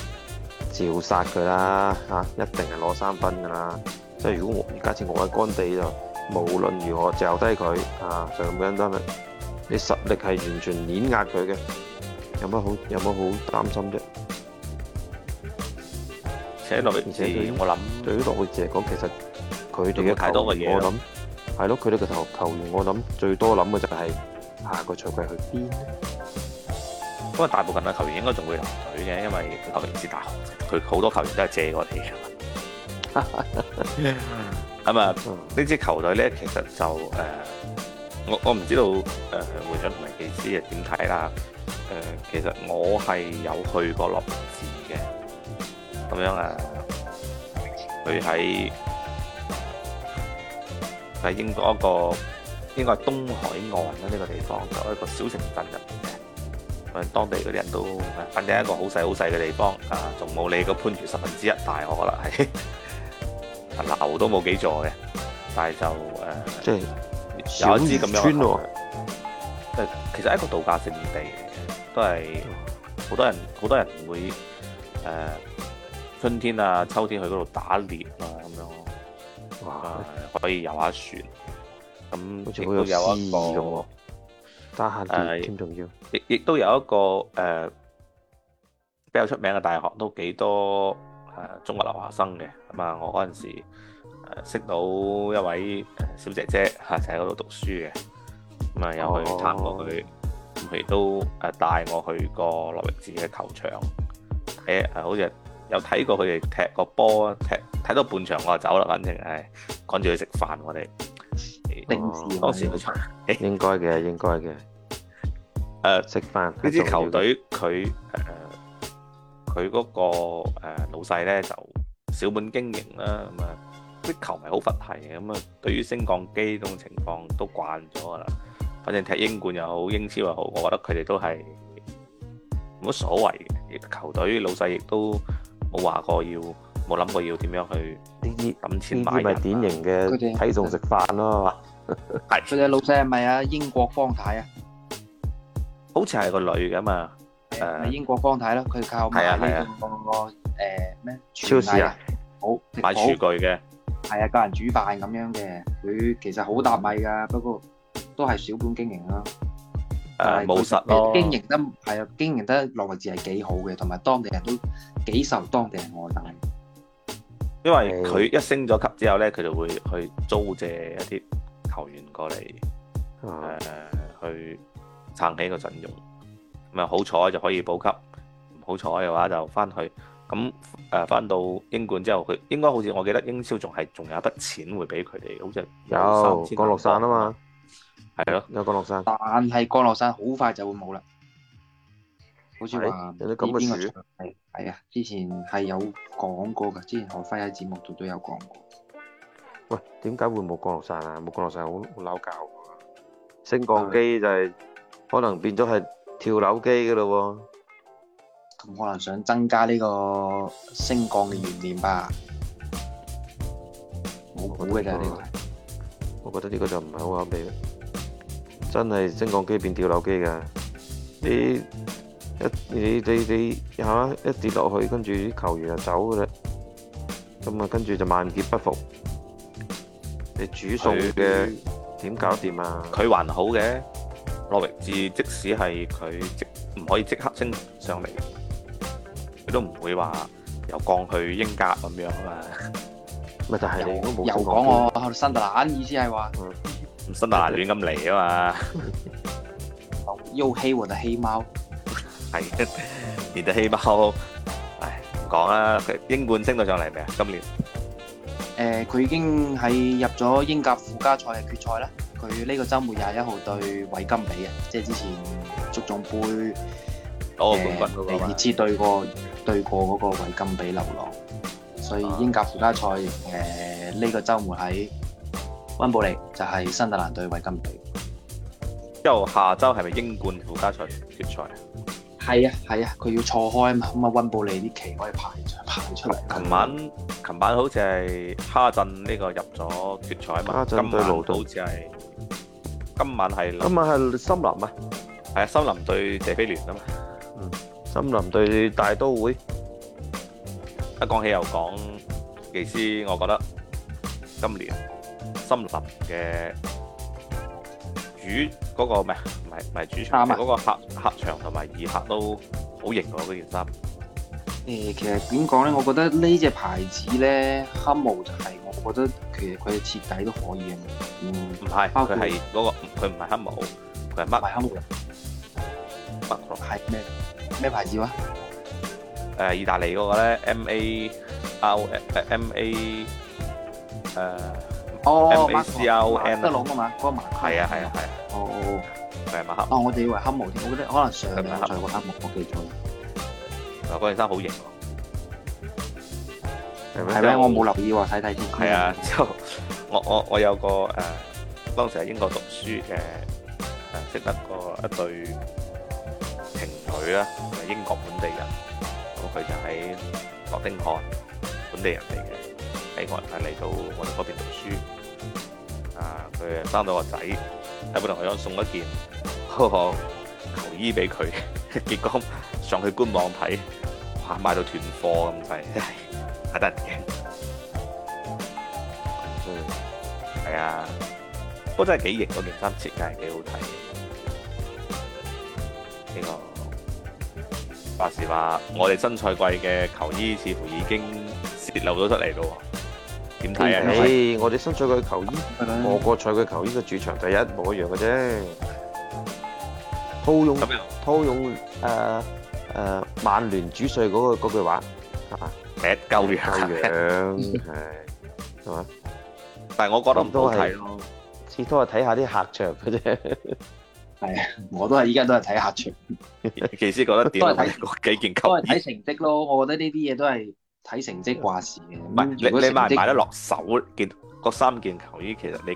照殺佢啦，嚇、啊！一定係攞三分噶啦～即係如果我家似我喺乾地就，無論如何嚼低佢，啊就咁簡單啦。你實力係完全碾壓佢嘅，有乜好有乜好擔心啫？落而且我諗，對於諾域治嚟講，其實佢哋嘅太多嘢。我諗係咯，佢哋嘅球球員我諗最多諗嘅就係、是、下個賽季去邊，不過大部分嘅球員應該仲會留隊嘅，因為諾域治大學佢好多球員都係借我哋咁啊，呢 <laughs> 支球隊咧，其實就誒、呃，我我唔知道誒、呃，會長同埋技師係點睇啦。誒、呃，其實我係有去過諾域治嘅，咁樣啊，佢喺喺英國一個，一個應該係東海岸啦，呢、這個地方、就是、一個小城鎮入邊嘅。當地嗰啲人都，反正一個好細好細嘅地方啊，仲冇你個番禺十分之一大了，我可能係。樓都冇幾座嘅，但係就誒，即係有啲咁樣，村，即係其實一個度假勝地嚟嘅，都係好多人好多人會誒春天啊、秋天去嗰度打獵啊咁樣。哇！可以遊下船，咁好似好有詩意嘅喎。加下誒，兼重要，亦亦都有一個誒比較出名嘅大學，都幾多。誒，中國留學生嘅，咁啊，我嗰陣時誒識到一位誒小姐姐吓，就喺嗰度讀書嘅，咁啊，有去參觀佢，咁佢都誒帶我去過諾域治嘅球場，睇、欸，好似有睇過佢哋踢個波，踢睇到半場我就走啦，反正係趕住去食飯我哋。臨、欸、時，哦、當時去應該嘅，應該嘅，誒食飯呢支球隊佢誒。佢嗰個老細咧就小本經營啦，咁啊啲球迷好佛系嘅，咁啊對於升降機呢種情況都慣咗噶啦。反正踢英冠又好，英超又好，我覺得佢哋都係冇乜所謂嘅。球隊老細亦都冇話過要，冇諗過要點樣去呢啲揼錢買、啊。呢啲咪典型嘅睇重食飯咯，係。佢哋老細係咪啊英國方太啊？ <laughs> 好似係個女㗎嘛。誒，嗯、英國方太咯，佢靠買、這個誒咩？超市啊，啊呃、像好買廚具嘅。係啊，教人煮飯咁樣嘅，佢其實好搭米噶，不過、嗯、都係小本經營咯。誒，冇、嗯、實經營得係啊，經營得諾域治係幾好嘅，同埋當地人都幾受當地人愛戴。因為佢一升咗級之後咧，佢就會去租借一啲球員過嚟，誒、嗯呃，去撐起個陣容。咪好彩就可以保級，唔好彩嘅話就翻去。咁誒翻到英冠之後，佢應該好似我記得英超仲係仲有一筆錢會俾佢哋，好似有降落傘啊嘛，係咯，有降落傘。但係降落傘好快就會冇啦。好似話有啲咁嘅樹，係，係啊，之前係有講過嘅，之前我喺喺節目度都有講過。喂，點解會冇降落傘啊？冇降落傘好好撈教嘅嘛，升降機就係可能變咗係。跳樓機噶咯，咁可能想增加呢個升降嘅懸念吧。冇本嘅，呢個我覺得呢個就唔係好合理咯。真係升降機變跳樓機噶，啲一，你你你係嘛？一跌落去，跟住啲球員就走噶啦。咁啊，跟住就萬劫不復。你煮餸嘅點搞掂啊？佢還好嘅。諾域治即使係佢即唔可以即刻升上嚟，佢都唔會話又降去英甲咁樣啊嘛。咪就係你都冇又講我新特蘭意思係話唔新特蘭亂咁嚟啊嘛。妖黑或者黑貓係，而家黑貓，唉唔講啦。英冠升到上嚟未啊？今年誒，佢已經喺入咗英甲附加賽嘅決賽啦。佢呢個週末廿一號對維金比嘅，即係之前足總杯攞、哦呃、個冠軍你知，次對過、嗯、對過嗰個維金比流浪，所以英格附加賽誒呢個週末喺溫布利就係新特蘭對維金比。之後下週係咪英冠附加賽決賽？係啊係啊，佢、啊、要錯開啊嘛。咁啊，溫布利啲期可以排排出嚟。琴、啊、晚琴、嗯、晚好似係哈鎮呢個入咗決賽啊嘛，對路今晚好似係。今晚係今晚係森林啊，係啊，森林對謝菲聯啊嘛，嗯，森林對大都會。一講起又講技師，我覺得今年森林嘅主嗰個咩唔係唔係主場嗰個客客場同埋二客都好型啊，嗰件衫。誒，其實點講咧？我覺得呢隻牌子咧，黑毛就係。我覺得其實佢嘅設計都可以嘅。嗯，唔係，佢係嗰個，佢唔係黑毛，佢係乜？唔係黑毛。乜？係咩咩牌子啊？誒，意大利嗰個咧，M A R M A，誒，哦，M A C R O N 得佬噶嘛？嗰個麻係啊係啊係啊。哦哦，佢係乜黑？哦，我哋以為黑毛添，我覺得可能上上個黑毛我記錯。嗱，嗰件衫好型。係咩？我冇留意喎，睇睇先。係啊，之後我我我有個誒、呃，當時喺英國讀書嘅誒，呃啊、識得個一對情侶啦，係、啊、英國本地人，咁、啊、佢就喺諾丁漢本地人嚟嘅，喺外嚟嚟到我哋嗰邊讀書。啊，佢生咗個仔，喺本來我想送一件球衣俾佢，結果上去官網睇，哇，買到斷貨咁滯。啊就是係得嘅，啊、的嗯，係啊，不過真係幾型，嗰件衫設計係幾好睇。呢、這個話時話，我哋新賽季嘅球衣似乎已經洩露咗出嚟咯。點睇啊？我哋新賽季嘅球衣，我個賽季球衣嘅主場就一模一樣嘅啫。套用套用誒誒、呃呃呃，曼聯主帥嗰個句話啊。劈鳩完後係，係嘛？ <laughs> 但係我覺得唔、嗯、多睇咯，始終係睇下啲客場嘅啫。係啊， <laughs> 我都係依家都係睇客場。 <laughs> 其實覺得點？都係睇幾件球衣。 <laughs> 都係睇成績咯，我覺得呢啲嘢都係睇成績掛事嘅。唔係對，嗯、你你買唔買得落手？見嗰三件球衣，其實你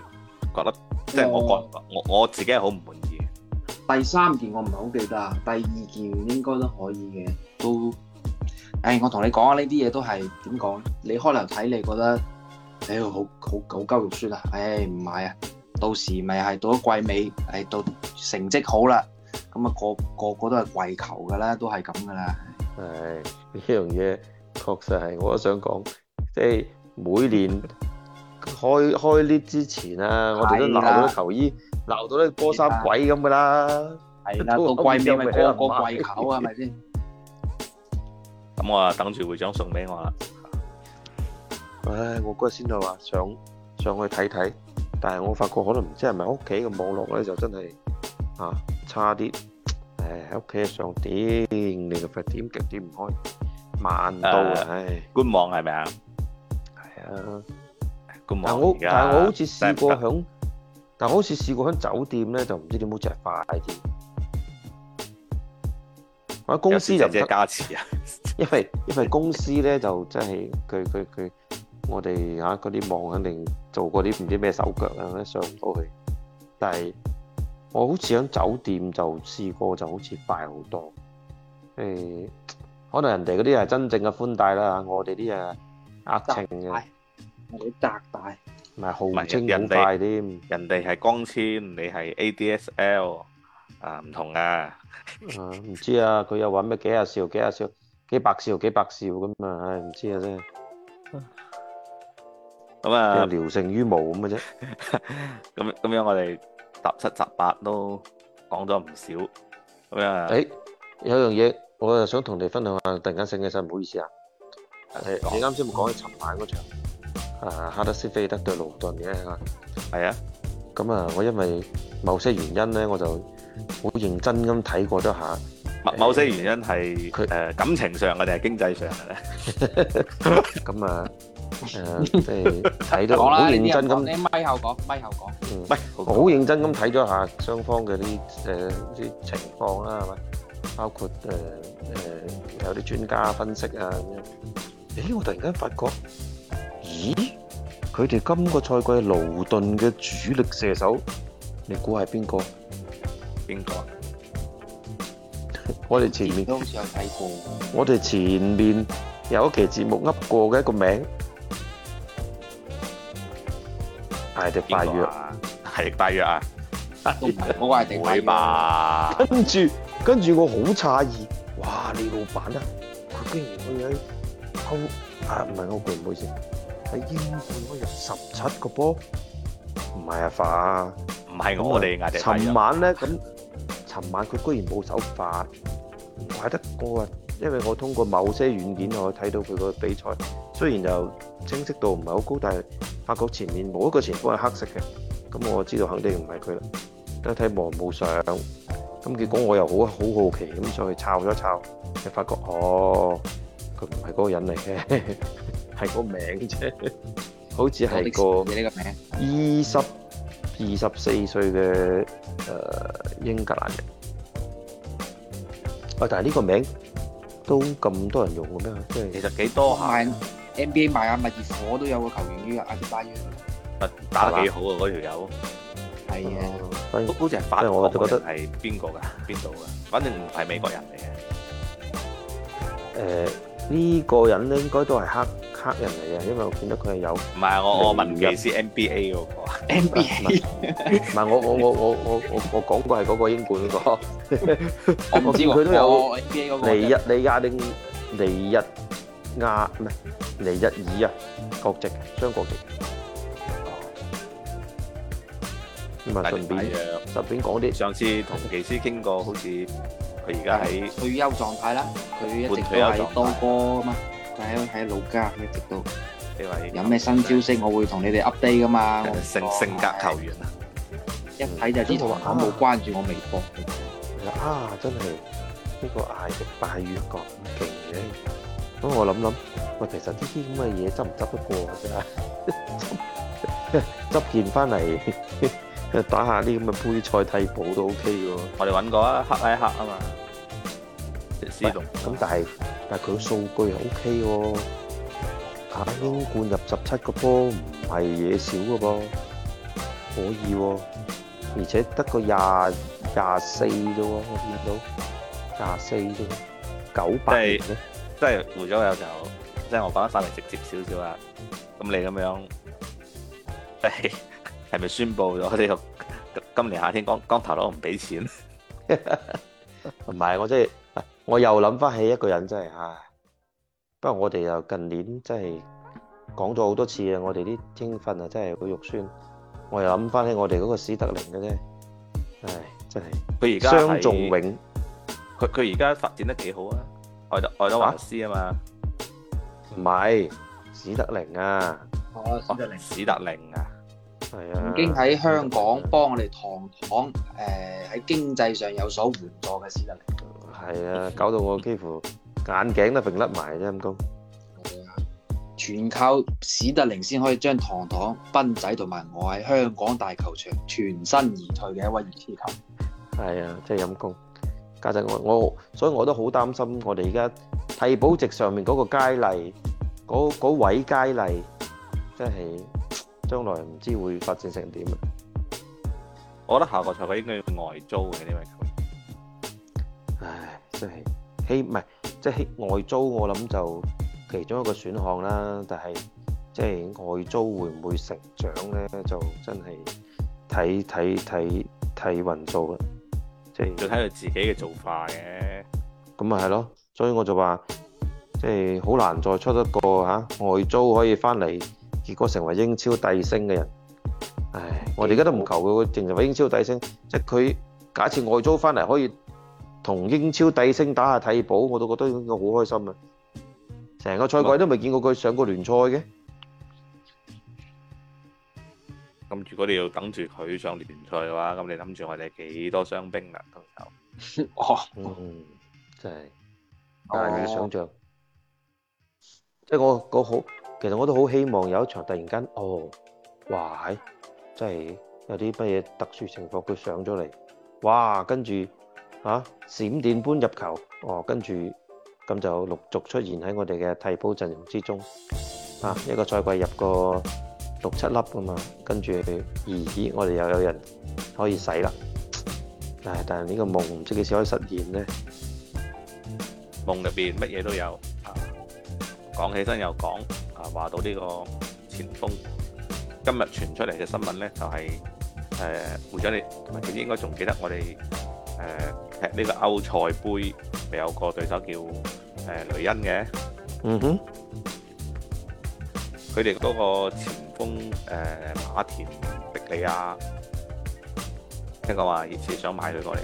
覺得即係、就是、我覺得，我我自己係好唔滿意嘅。第三件我唔係好記得，第二件應該都可以嘅，都。誒、哎，我同你講啊，呢啲嘢都係點講？你開頭睇，你覺得，妖、哎、好好好鳩肉酸啊！誒、哎，唔係啊，到時咪係到咗季尾，係、哎、到成績好啦，咁、那、啊個個個都係跪求噶啦，都係咁噶啦。係呢樣嘢確實係，我都想講，即係每年開開呢之前啊，是的我哋都鬧到啲球衣，鬧的到啲波衫鬼咁噶啦。係啦，到季尾個個跪球係咪先？ <laughs> <laughs> 咁我話等住會長送俾我啦。唉，我嗰日先到話上上去睇睇，但係我發覺可能唔知係咪屋企嘅網絡咧就真係啊差啲。誒喺屋企上點你個快點極點唔開，慢到唉。官網係咪啊？係啊，官網而家。但係我好似試過響，但係我好似試過響酒店咧，就唔知點好只快啲。喺公司就即係加持啊。因為因為公司咧就真係佢佢佢我哋吓嗰啲網肯定做過啲唔知咩手腳啊，上唔到去，但係我好似喺酒店就試過就好似快好多，誒可能人哋嗰啲係真正嘅寬帶啦，我哋啲啊壓清嘅窄帶唔係好清好快添，人哋係光纖，你係 ADSL 啊唔同啊，唔知啊佢又話咩幾廿兆幾廿兆。幾百兆幾百兆咁、哎、啊，唉唔知啊真係。咁啊，聊勝於無咁嘅啫。咁咁 <laughs> 樣，樣我哋雜七雜八都講咗唔少。咁啊，誒、欸、有樣嘢，我啊想同你分享下，突然間醒起曬，唔好意思啊。誒、啊，你啱先咪講起尋晚嗰場？誒、啊，哈德斯菲德對盧頓嘅嚇。係啊。咁啊，我因為某些原因咧，我就好認真咁睇過咗下。某某些原因係佢誒感情上嘅定係經濟上嘅咧？咁啊，誒睇咗，好認真咁，你咪後講，咪後講。嗯，唔係，好認真咁睇咗下雙方嘅啲誒啲情況啦，係咪？包括誒誒有啲專家分析啊。咦！我突然間發覺，咦？佢哋今個賽季勞頓嘅主力射手，你估係邊個？邊個？ <music> 我哋前面，有我哋前面有一期節目噏過嘅一個名，艾迪拜約，迪拜約啊，迪會月吧？啊、跟住跟住我好詫異，哇！你老闆啊，佢竟然可以喺歐，啊唔係歐冠，唔好意思，喺英超入十七個波，唔係啊反，唔係、啊、我哋，啊、尋晚咧咁。啊美尋晚佢居然冇手法，怪得過啊！因為我通過某些軟件我睇到佢個比賽，雖然就清晰度唔係好高，但係發覺前面冇一個前鋒係黑色嘅，咁我知道肯定唔係佢啦。一睇望冇相，咁結果我又好好好奇，咁上去抄咗抄，就發覺哦，佢唔係嗰個人嚟嘅，係個名啫，好似係個二十。二十四歲嘅，呃、英格蘭人，啊、但係呢個名都咁多人用啦，即係其實幾多，限 NBA 賣下，咪熱火都有個球員叫阿迪巴約，打，打得幾好的吧那啊！嗰條友，係啊以，嗰嗰隻係法國嘅，係邊個㗎？邊度㗎？反正唔係美國人嚟嘅。呢、呃呢個人咧，應該都係黑。黑人嚟嘅，因為我見到佢係有。唔係，我我問嘅。技師 NBA 嗰個。NBA。唔係我我我我我我我講過係嗰個英冠嗰個。我唔知喎。我 NBA 嗰個。尼日利亞定尼日亞咩？尼日爾啊，國籍雙國籍。唔係順便約。順便講啲。上次同技師傾過，好似佢而家喺。退休狀態啦，佢一直都係刀哥啊嘛。喺喺老家，一直到有咩新招式，我會同你哋 update 噶嘛。性成性格球員啊，一睇就知。我冇關注，我未放。啊，真係呢個艾迪拜月咁勁嘅。咁我諗諗，喂，其實啲咁嘅嘢執唔執得過？真係執件翻嚟打下啲咁嘅杯賽、替補都 OK 喎。我哋揾過啊，黑拉黑啊嘛。知道咁，但係但係佢個數據又 OK 喎，阿英冠入十七個波唔係嘢少噶噃，可以喎，而且得個廿廿四啫喎，我見到廿四啫，九百，即係換咗有時候，即係我講得晒嚟，直接少少啦，咁你咁樣，係係咪宣布咗呢個今年夏天光光頭佬唔俾錢？唔係我即係。我又諗翻起一個人真係，唉！不過我哋又近年真係講咗好多次啊，我哋啲青訓啊，真係好肉酸。我又諗翻起我哋嗰個史特靈嘅啫，唉，真係。佢而家係。傷仲永，佢佢而家發展得幾好啊？愛德愛德華斯啊嘛？唔係，史特靈啊。哦，史特靈，哦。史特靈啊。係啊。已經喺香港幫我哋堂堂，誒、呃、喺經濟上有所援助嘅史特靈。係啊，搞到我幾乎眼鏡都揈甩埋，真陰功啊。全靠史德靈先可以將堂堂斌仔同埋我喺香港大球場全身而退嘅一位熱刺球。係啊，真係陰功。家陣我我，所以我都好擔心，我哋而家替補席上面嗰個佳麗，嗰位佳麗，即係將來唔知會發展成點。 <music> 我覺得下個賽季應該要外租嘅呢位球唉，即係希唔係，即係、就是、外租，我諗就其中一個選項啦。但係即係外租會唔會成長咧？就真係睇睇睇睇運數啦。即係要睇佢自己嘅做法嘅。咁啊係咯，所以我就話即係好難再出一個吓、啊、外租可以翻嚟，結果成為英超帝星嘅人。唉，我哋而家都唔求佢，淨成為英超帝星。即係佢假設外租翻嚟可以。同英超第升打下替補，我都覺得應該好開心啊！成個賽季都未見過佢上過聯賽嘅。咁如果你要等住佢上聯賽嘅話，咁你諗住我哋幾多傷兵啊？都有哦，真係，但係你要想象，即係我我好，其實我都好希望有一場突然間，哦，哇係，真係有啲乜嘢特殊情況佢上咗嚟，哇，跟住。嚇！閃電般入球哦，跟住咁就陸續出現喺我哋嘅替補陣容之中。嚇！一個賽季入個六七粒噶嘛，跟住二子我哋又有人可以使啦。唉，但係呢個夢唔知幾時可以實現咧？夢入邊乜嘢都有啊！講起身又講啊，話到呢個前鋒，今日傳出嚟嘅新聞咧就係誒會長你，你應該仲記得我哋。誒，踢呢、呃這個歐賽杯咪有個對手叫誒、呃、雷恩嘅，嗯哼，佢哋嗰個前鋒誒、呃、馬田迪利亞，聽講話熱刺想買佢過嚟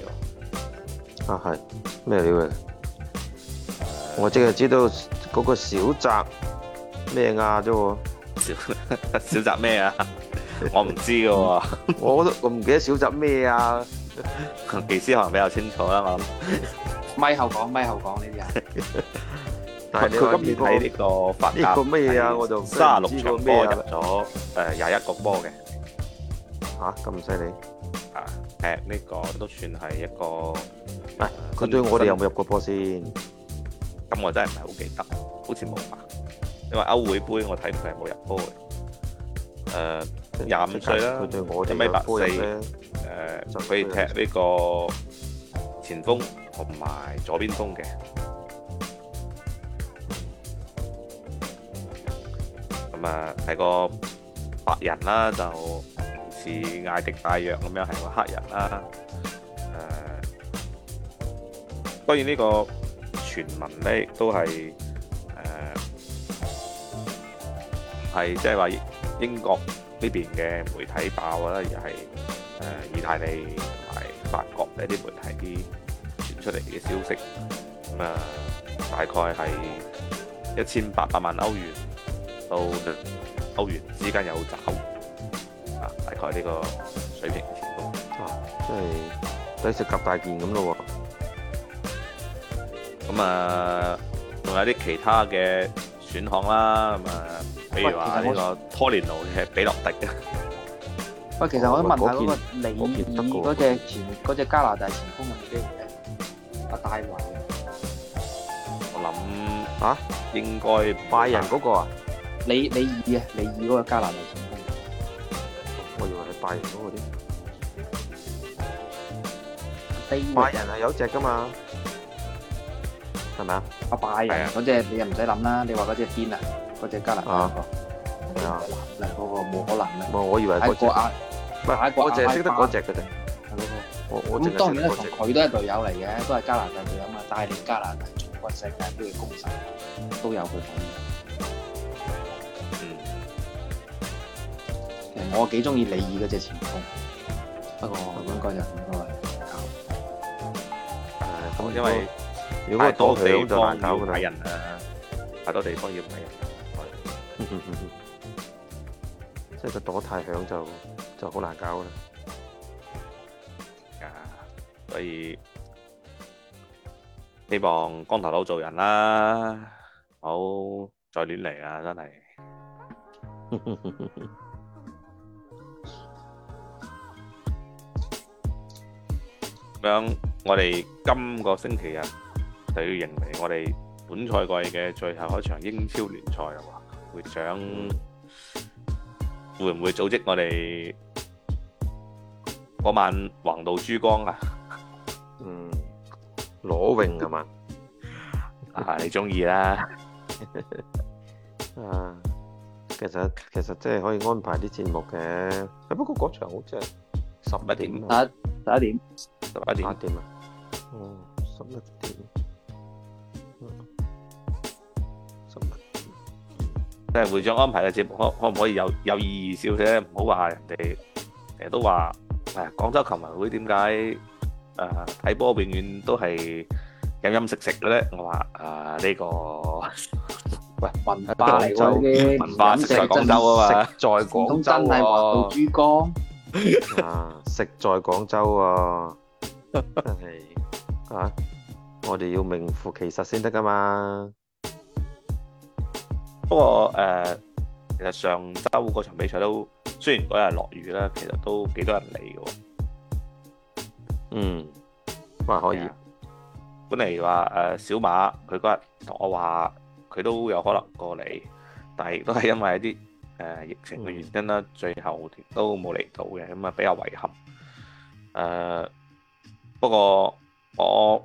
喎，啊係咩料嘅？是呃、我淨係知道嗰個小澤咩啊啫，小澤咩啊？ <laughs> 我唔知噶、啊，我都我唔記得小澤咩啊。技師可能比較清楚啦，嘛，咪後講咪後講呢啲啊。但係你今年睇呢個法甲，呢個咩啊？我就唔知個咩啊。三十六場入咗誒廿一個波嘅，吓咁犀利啊！踢呢個都算係一個。佢、啊、對我哋新有冇入過波先？咁我真係唔係好記得，好似冇吧？因為歐會杯我睇佢係冇入波嘅。誒廿五歲啦，一米八四，呃、就可以踢呢個前鋒同埋左邊鋒嘅。咁啊、嗯，係、嗯嗯、個白人啦，就似艾迪大約咁樣係個黑人啦。誒、嗯，當然個呢個傳聞咧都係誒，係即係話，是英國呢邊嘅媒體爆啦，又係誒意大利同埋法國呢啲媒體啲傳出嚟嘅消息，咁啊大概係一千八百萬歐元到兩歐元之間有找啊，大概呢個水平嘅程度。哦、啊，即係抵食夾大件咁咯喎。咁啊，仲有啲其他嘅選項啦，咁啊。例如話，呢個托連奴係比諾迪嘅。喂，其實我想問下嗰個李爾，嗰隻前，嗰隻加拿大前鋒嚟嘅，阿大維。我諗嚇，應該拜仁嗰個啊？李，李爾啊，李爾嗰個加拿大前鋒。我以為你拜仁嗰個啲。拜仁係有隻噶嘛？係咪啊？阿拜仁嗰隻你又唔使諗啦，你話嗰隻邊啊？嗰隻加拿大個，嗰個冇可能咧。我以為嗰隻，唔係嗰隻，識得嗰隻嘅啫。係我我咁當然同佢都係隊友嚟嘅，都係加拿大隊友啊嘛，帶領加拿大從軍世界盃嘅功臣，都有佢份。嗯。我幾中意李爾嗰隻前鋒，不過嗰個人應該難搞，因為如果多地方要打人啊，太多地方要打人。即係個躲太響就就好難搞啦。啊，所以希望光頭佬做人啦，唔好再亂嚟啊！真係咁樣，我哋今個星期日就要迎來我哋本賽季嘅最後一場英超聯賽啊！會長會唔會組織我哋嗰晚橫渡珠江啊？嗯，裸泳係嘛？啊，你中意啦。啊，其實其實即係可以安排啲節目嘅。啊，不過嗰場好似係十一點。十一十一點，十一點啊。嗯，十一點。即係會長安排嘅節目，可可唔可以有有意義少少？唔好話人哋成日都話，誒廣州球迷會點解誒睇波永遠都係飲飲食食嘅咧？我話誒呢個喂文化嚟嘅，文化食在廣州啊嘛，唔通真係話到珠江啊？食在廣州啊，真係啊！我哋要名副其實先得㗎嘛～不過誒、呃，其實上周嗰場比賽都雖然嗰日落雨啦，其實都幾多人嚟嘅喎。嗯，都還可以。本嚟話誒小馬佢嗰日同我話佢都有可能過嚟，但係亦都係因為一啲誒、呃、疫情嘅原因啦，嗯、最後都冇嚟到嘅，咁啊比較遺憾。誒、呃，不過我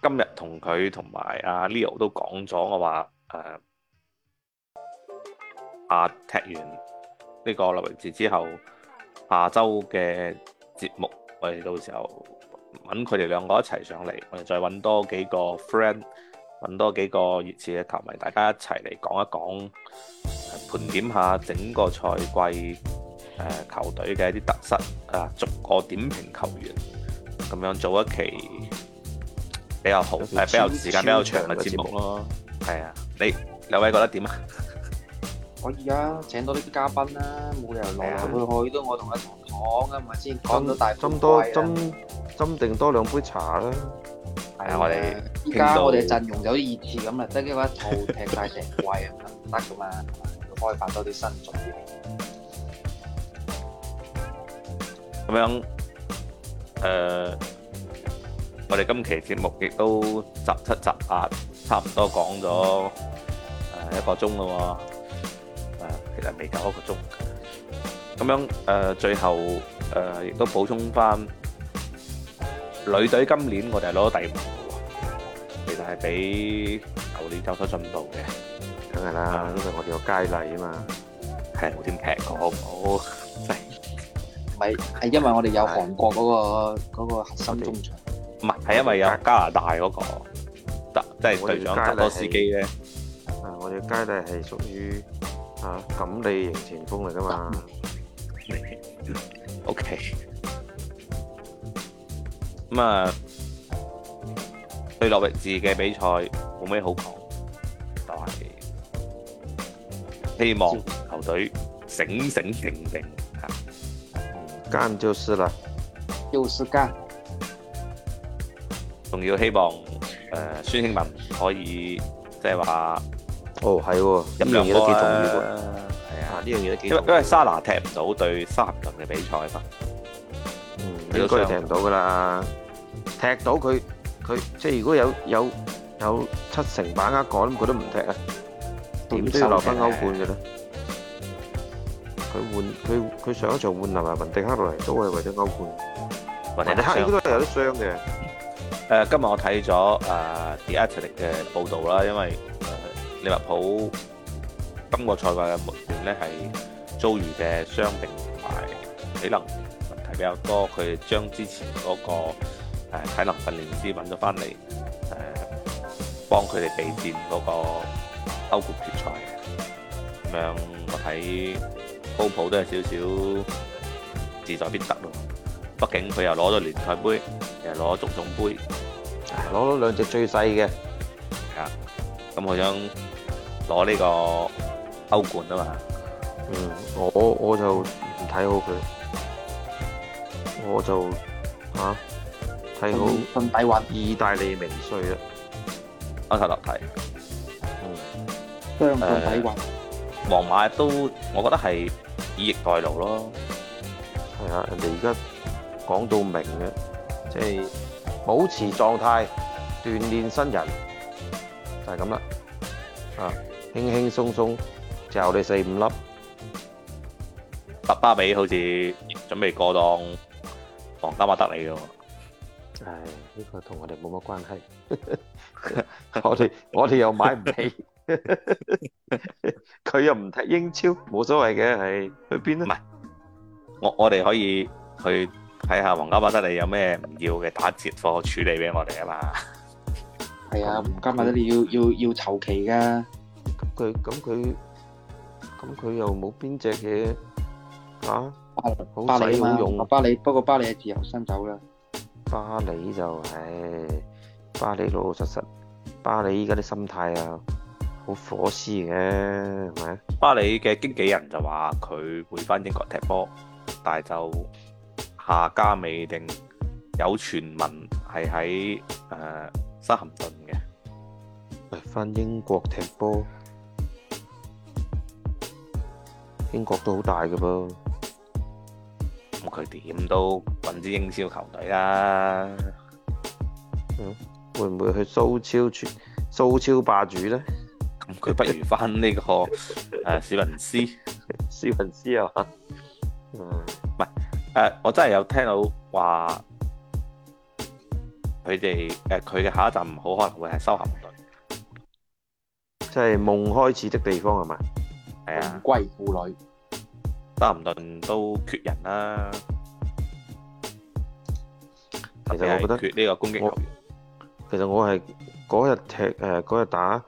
今日同佢同埋阿 Leo 都講咗，我話誒。下、啊、踢完呢、這個立泳字之後，下周嘅節目我哋到時候揾佢哋兩個一齊上嚟，我哋再揾多幾個 friend，揾多幾個熱刺嘅球迷，大家一齊嚟講一講，盤點下整個賽季誒、呃、球隊嘅一啲特色啊，逐個點評球員，咁樣做一期比較好，誒、嗯呃、比較時間比較長嘅節目咯。係啊、哎，你兩位覺得點啊？ <laughs> 可以啊，請多啲嘉賓啦、啊，冇理由落去都我同阿糖糖啊，咪先講咗大斟多斟斟定多兩杯茶啦。係啊，依家、嗯、我哋陣容熱一 <laughs> 有啲欠缺咁啊，得一個一套踢晒成季啊，唔得噶嘛，要開發多啲新種。咁樣誒、呃，我哋今期節目亦都集七集八，差唔多講咗誒一個鐘咯。呃其實未夠一個鐘，咁樣誒，最後誒亦都補充翻女隊今年我哋攞到第五個喎，其實係比舊年有咗進步嘅，梗係啦，因為我哋個佳麗啊嘛，係冇點踢過好唔好？唔係，係因為我哋有韓國嗰個嗰個核心中場，唔係，係因為有加拿大嗰個得即係隊長德多斯基咧。啊，我哋佳麗係屬於。吓，咁你贏前鋒嚟噶嘛？O K，咁啊，對諾域治嘅比賽冇咩好講，就係希望球隊醒醒定定啊，幹就是啦，就是幹，仲要希望誒孫興慜可以即係話。哦，係喎，呢樣嘢都幾重要嘅，係啊，呢樣嘢都幾，因為因為沙拿踢唔到對三輪嘅比賽嘛，嗯，應該踢唔到噶啦，踢到佢佢即係如果有有有七成把握改，佢都唔踢啊。咁所以落翻歐冠嘅咧，佢換佢佢上一場換嚟啊，文迪克落嚟都係為咗歐冠，文迪克應該都有啲傷嘅。誒，今日我睇咗誒 The Athletic 嘅報道啦，因為。利物浦今個賽季嘅末段咧，係遭遇嘅傷病同埋體能問題比較多，佢將之前嗰、那個誒、啊、體能訓練師揾咗翻嚟，誒、啊、幫佢哋備戰嗰個歐冠決賽。咁樣我睇高普都有少少志在必得咯，畢竟佢又攞咗聯賽杯，又攞咗足總杯，攞咗兩隻最細嘅，係啊、嗯。嗯咁我想攞呢個歐冠啊嘛，嗯，我我就唔睇好佢，我就嚇睇好，啊，好意大利名帥啊，安察洛堤，相信底運。皇馬都，我覺得係以逸待勞咯。係啊，人哋而家講到明嘅，即係保持狀態，鍛鍊新人。就係咁啦，啊，輕輕鬆鬆就我哋四五粒，麥巴比好似準備過檔皇家馬德里嘅，係呢、這個同我哋冇乜關係， <laughs> 我哋們 <laughs> 我哋又買唔起，佢 <laughs> 又唔踢英超，冇所謂嘅，係去邊啊？唔係，我我哋可以去睇下皇家馬德里有咩唔要嘅打折貨處理俾我哋啊嘛。係啊，他加埋都你要要要籌期噶。咁佢咁佢咁佢又冇邊隻嘅啊？巴里好壞嘛，用巴里，不過巴里係自由身走啦，就是。巴里就唉，巴里老老實實。巴里依家啲心態啊，好火絲嘅，係咪？巴里嘅經紀人就話佢會返英國踢波，但係就下家未定有。有傳聞係喺誒。三頓嘅，嚟翻英國踢波，英國的吧他怎都好大嘅噃，咁佢點都揾啲英超球隊啦，嗯，會唔會去蘇超轉？蘇超霸主呢？咁佢不如翻呢、這個誒，斯、 <laughs> 啊、文斯，史文斯啊嘛，嗯、唔、啊、係我真係有聽到話。佢哋誒，佢嘅下一站唔好可能會係修咸頓，即係夢開始的地方係咪？係啊。歸故里，丹頓都缺人啦。其實我覺得，呢個攻擊球員其實我係嗰日踢，誒嗰日打，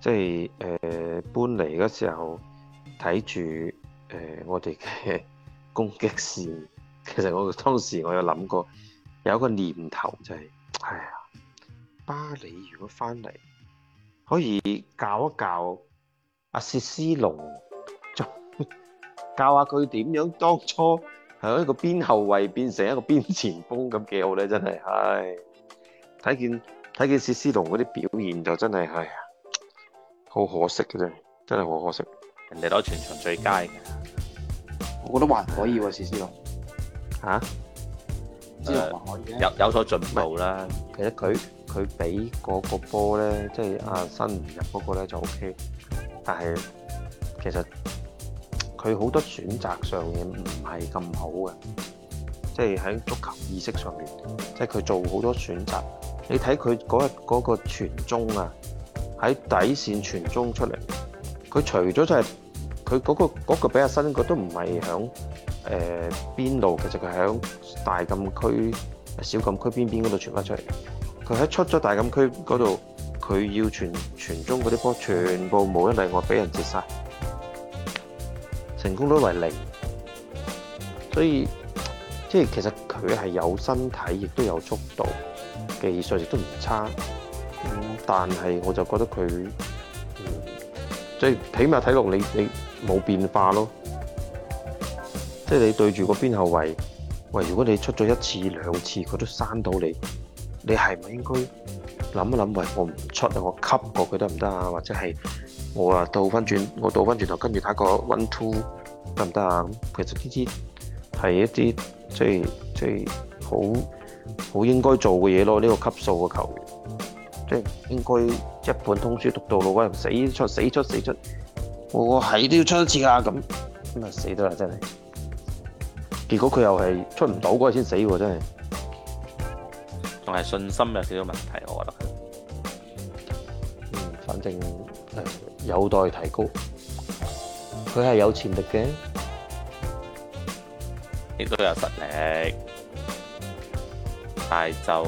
即係誒搬嚟嗰時候睇住誒我哋嘅攻擊線，其實我當時我有諗過、嗯、有一個念頭就係、是。係啊、哎，巴里如果翻嚟，可以教一教阿薛斯隆，教下佢點樣當初係一個邊後衛變成一個邊前鋒咁幾好咧，真係唉，睇、哎、見睇見薛斯隆嗰啲表現就真係係，好、哎、可惜嘅啫，真係好可惜。人哋攞全場最佳嘅，我覺得還可以喎、啊，薛斯隆。吓、啊？呃、有有所進步啦。其實佢佢畀嗰個波咧，即係阿新入嗰個咧就 OK。但係其實佢好多選擇上嘅唔係咁好嘅，即係喺足球意識上面，即係佢做好多選擇。你睇佢嗰日嗰個傳中啊，喺底線傳中出嚟，佢除咗就係佢嗰個嗰個比阿新嗰都唔係響。誒、呃、邊度其實佢喺大禁區、小禁區邊邊嗰度傳翻出嚟。佢喺出咗大禁區嗰度，佢要傳傳中嗰啲波，全部冇一例外俾人截晒，成功率為零。所以即係其實佢係有身體，亦都有速度，技術亦都唔差。咁、嗯、但係我就覺得佢即係起碼睇落你你冇變化咯。即係你對住個邊後衛，喂，如果你出咗一次兩次，佢都刪到你，你係咪應該諗一諗？喂，我唔出啊，我級過佢得唔得啊？或者係我啊倒翻轉，我倒翻轉頭，跟住打個 one two 得唔得啊？咁其實呢啲係一啲即係即係好好應該做嘅嘢咯。呢個級數嘅球員，即係應該一本通書讀到老啊！死出死出死出，死出哦、我我係都要出一次噶、啊，咁咪死得啦，真係。結果佢又係出唔到嗰個先死喎，真係，仲係信心有少少問題，我覺得。嗯，反正有待提高。佢係有潛力嘅，亦都有實力，但係就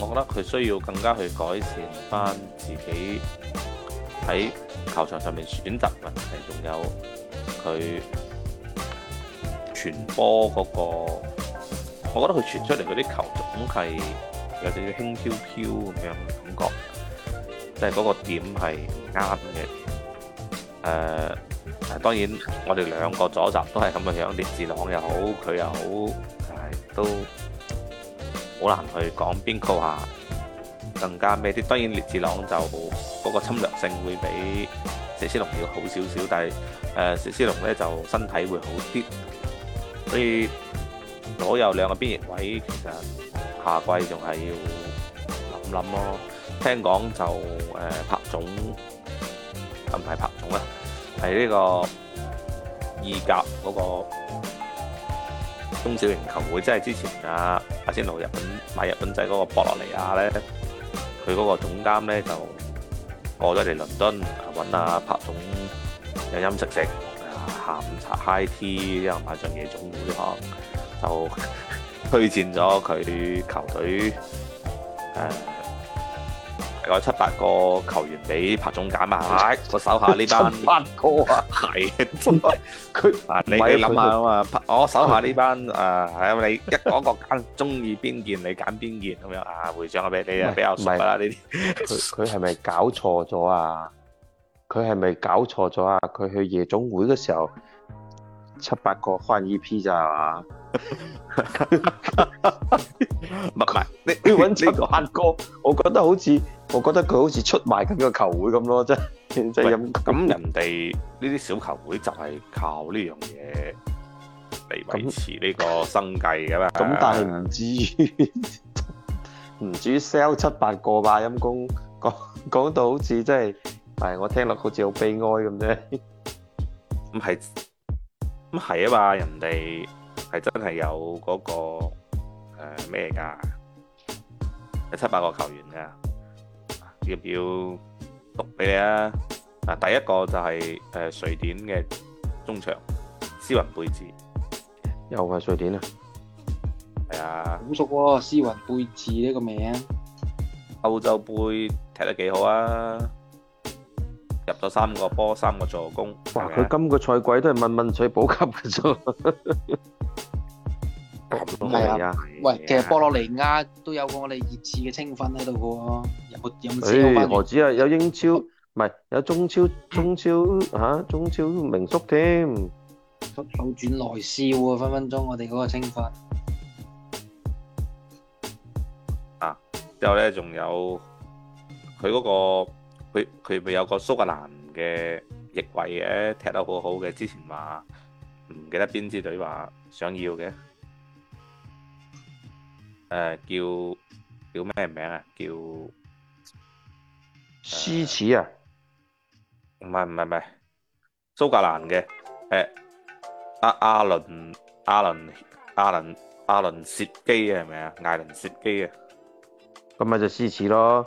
我覺得佢需要更加去改善翻自己喺球場上面選擇問題，仲有佢。傳波嗰個，我覺得佢傳出嚟嗰啲球總係有少少輕飄飄咁樣嘅感覺，即係嗰個點係唔啱嘅。當然我哋兩個左閘都係咁嘅樣，烈志朗又好，佢又好，係都好難去講邊個話更加咩啲。當然烈志朗就嗰個侵略性會比蛇獅龍要好少少，但係誒蛇獅龍咧就身體會好啲。所以左右兩個邊翼位其實下季仲係要諗諗咯。聽講就誒柏總，係唔係柏總啊？係呢個意甲嗰個中小型球會，即係之前、啊、阿阿仙奴日本買日本仔嗰個博洛尼亞咧，佢嗰個總監咧就過咗嚟倫敦揾阿柏總飲飲食食。下午茶 high tea，因為晚上夜總會可就推薦咗佢球隊誒，大、啊、七八個球員俾柏總揀我手下呢班，班哥啊，係，唔係佢，你諗下啊嘛。我手下呢班誒，係啊，你一個個揀，中意邊件你揀邊件咁樣啊。會長我俾你啊，比較熟啦呢啲。佢佢係咪搞錯咗啊？這些 <laughs> 佢係咪搞錯咗啊？佢去夜總會嘅時候，七八個翻 E P 咋係嘛？唔係，你要搵四個黑哥，哥我，我覺得好似，我覺得佢好似出賣緊個球會咁咯，真真係陰咁，人哋呢啲小球會就係靠呢樣嘢嚟維持呢個生計噶嘛？咁那但係唔至於唔 <laughs> 至於 sell 七八個吧，陰公，講講到好似真係。但係我聽落好似好悲哀咁啫，咁係咁係啊嘛，人哋係真係有嗰、嗰個誒咩噶，有七八個球員噶，要唔要讀俾你啊？嗱，第一個就係、是、誒、呃、瑞典嘅中場斯文貝治，又係瑞典啊，係啊，好熟喎。斯文貝治呢、啊哦、個名，歐洲盃踢得幾好啊！入咗三個波，三個助攻。哇嘩！佢今吧個賽季都係問問取補級嘅啫。係啊，啊喂，啊、其實博洛尼亞都有個我哋熱刺嘅青訓喺度嘅喎，有冇有，有、哎、何止啊！有英超，唔係有中超，中超嚇、啊，中超名宿添，轉內銷喎，分分鐘我哋嗰個青訓。啊！之後咧，仲有佢嗰、那個。佢佢咪有個蘇格蘭嘅翼衛，嘅，踢得好好嘅，之前話唔記得邊支隊話想要嘅，誒、呃、叫叫咩名叫、呃、啊？叫、呃、獅子啊？唔係唔係唔係蘇格蘭嘅，誒阿阿倫阿倫阿倫阿倫薛基嘅係咪啊？艾倫薛基嘅，咁咪就獅子咯。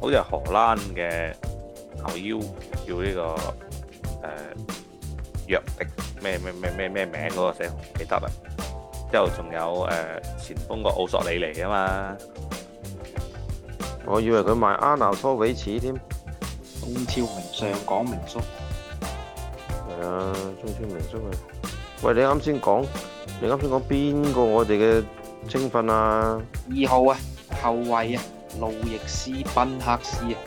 好似係荷蘭嘅後腰，叫呢個誒約迪咩咩咩咩咩名嗰個死唔記得啦。之後仲有誒前鋒個奧索里尼啊嘛。我以為佢賣阿納托維茨添。中超名上港名宿。係啊，中超名宿啊。喂，你啱先講，你啱先講邊個我哋嘅青訓啊？二號啊，後衞啊。路易斯賓克斯啊！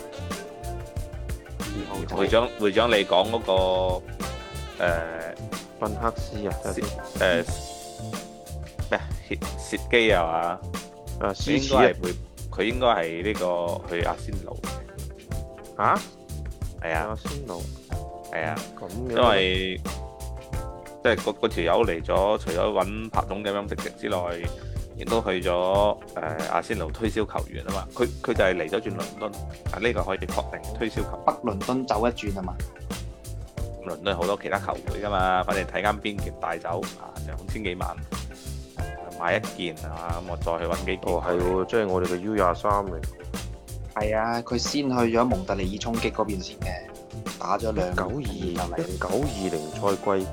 會長，會長，你講嗰個誒賓克斯啊，誒咩？薛薛基啊嘛？誒，應該係佢，佢應該係呢個去阿仙奴。吓？係啊。阿仙奴。係啊。咁嘅。因為即係嗰嗰條友嚟咗，除咗搵拍董咁樣積極之外。亦都去咗誒、呃、阿仙奴推銷球員啊嘛，佢佢就係嚟咗轉倫敦啊，呢個可以確定推銷球員。北倫敦走一轉啊嘛。倫敦好多其他球會噶嘛，反正睇啱邊件帶走啊，兩千幾萬、啊、買一件啊，咁、嗯、我再去揾幾個。哦，係喎，即係我哋嘅 U 廿三嚟。係啊，佢先去咗蒙特利爾衝擊嗰邊先嘅，打咗兩九二，係咪九二零賽季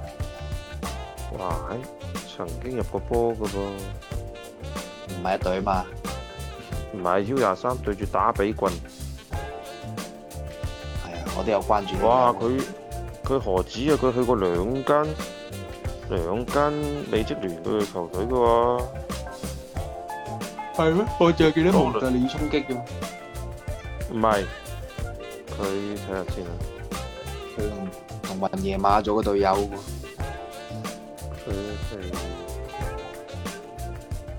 哇？曾經入過波嘅噃。唔係一隊嘛，唔係 U 廿三對住打比棍，係啊，我都有關注。哇，佢佢何止啊？佢去過兩間兩間美職聯嘅球隊嘅喎，係咩？我淨係記得蒙特利爾衝擊啫，唔係，佢睇下先啊！佢同同雲爺馬咗嗰度有喎，佢係。嗯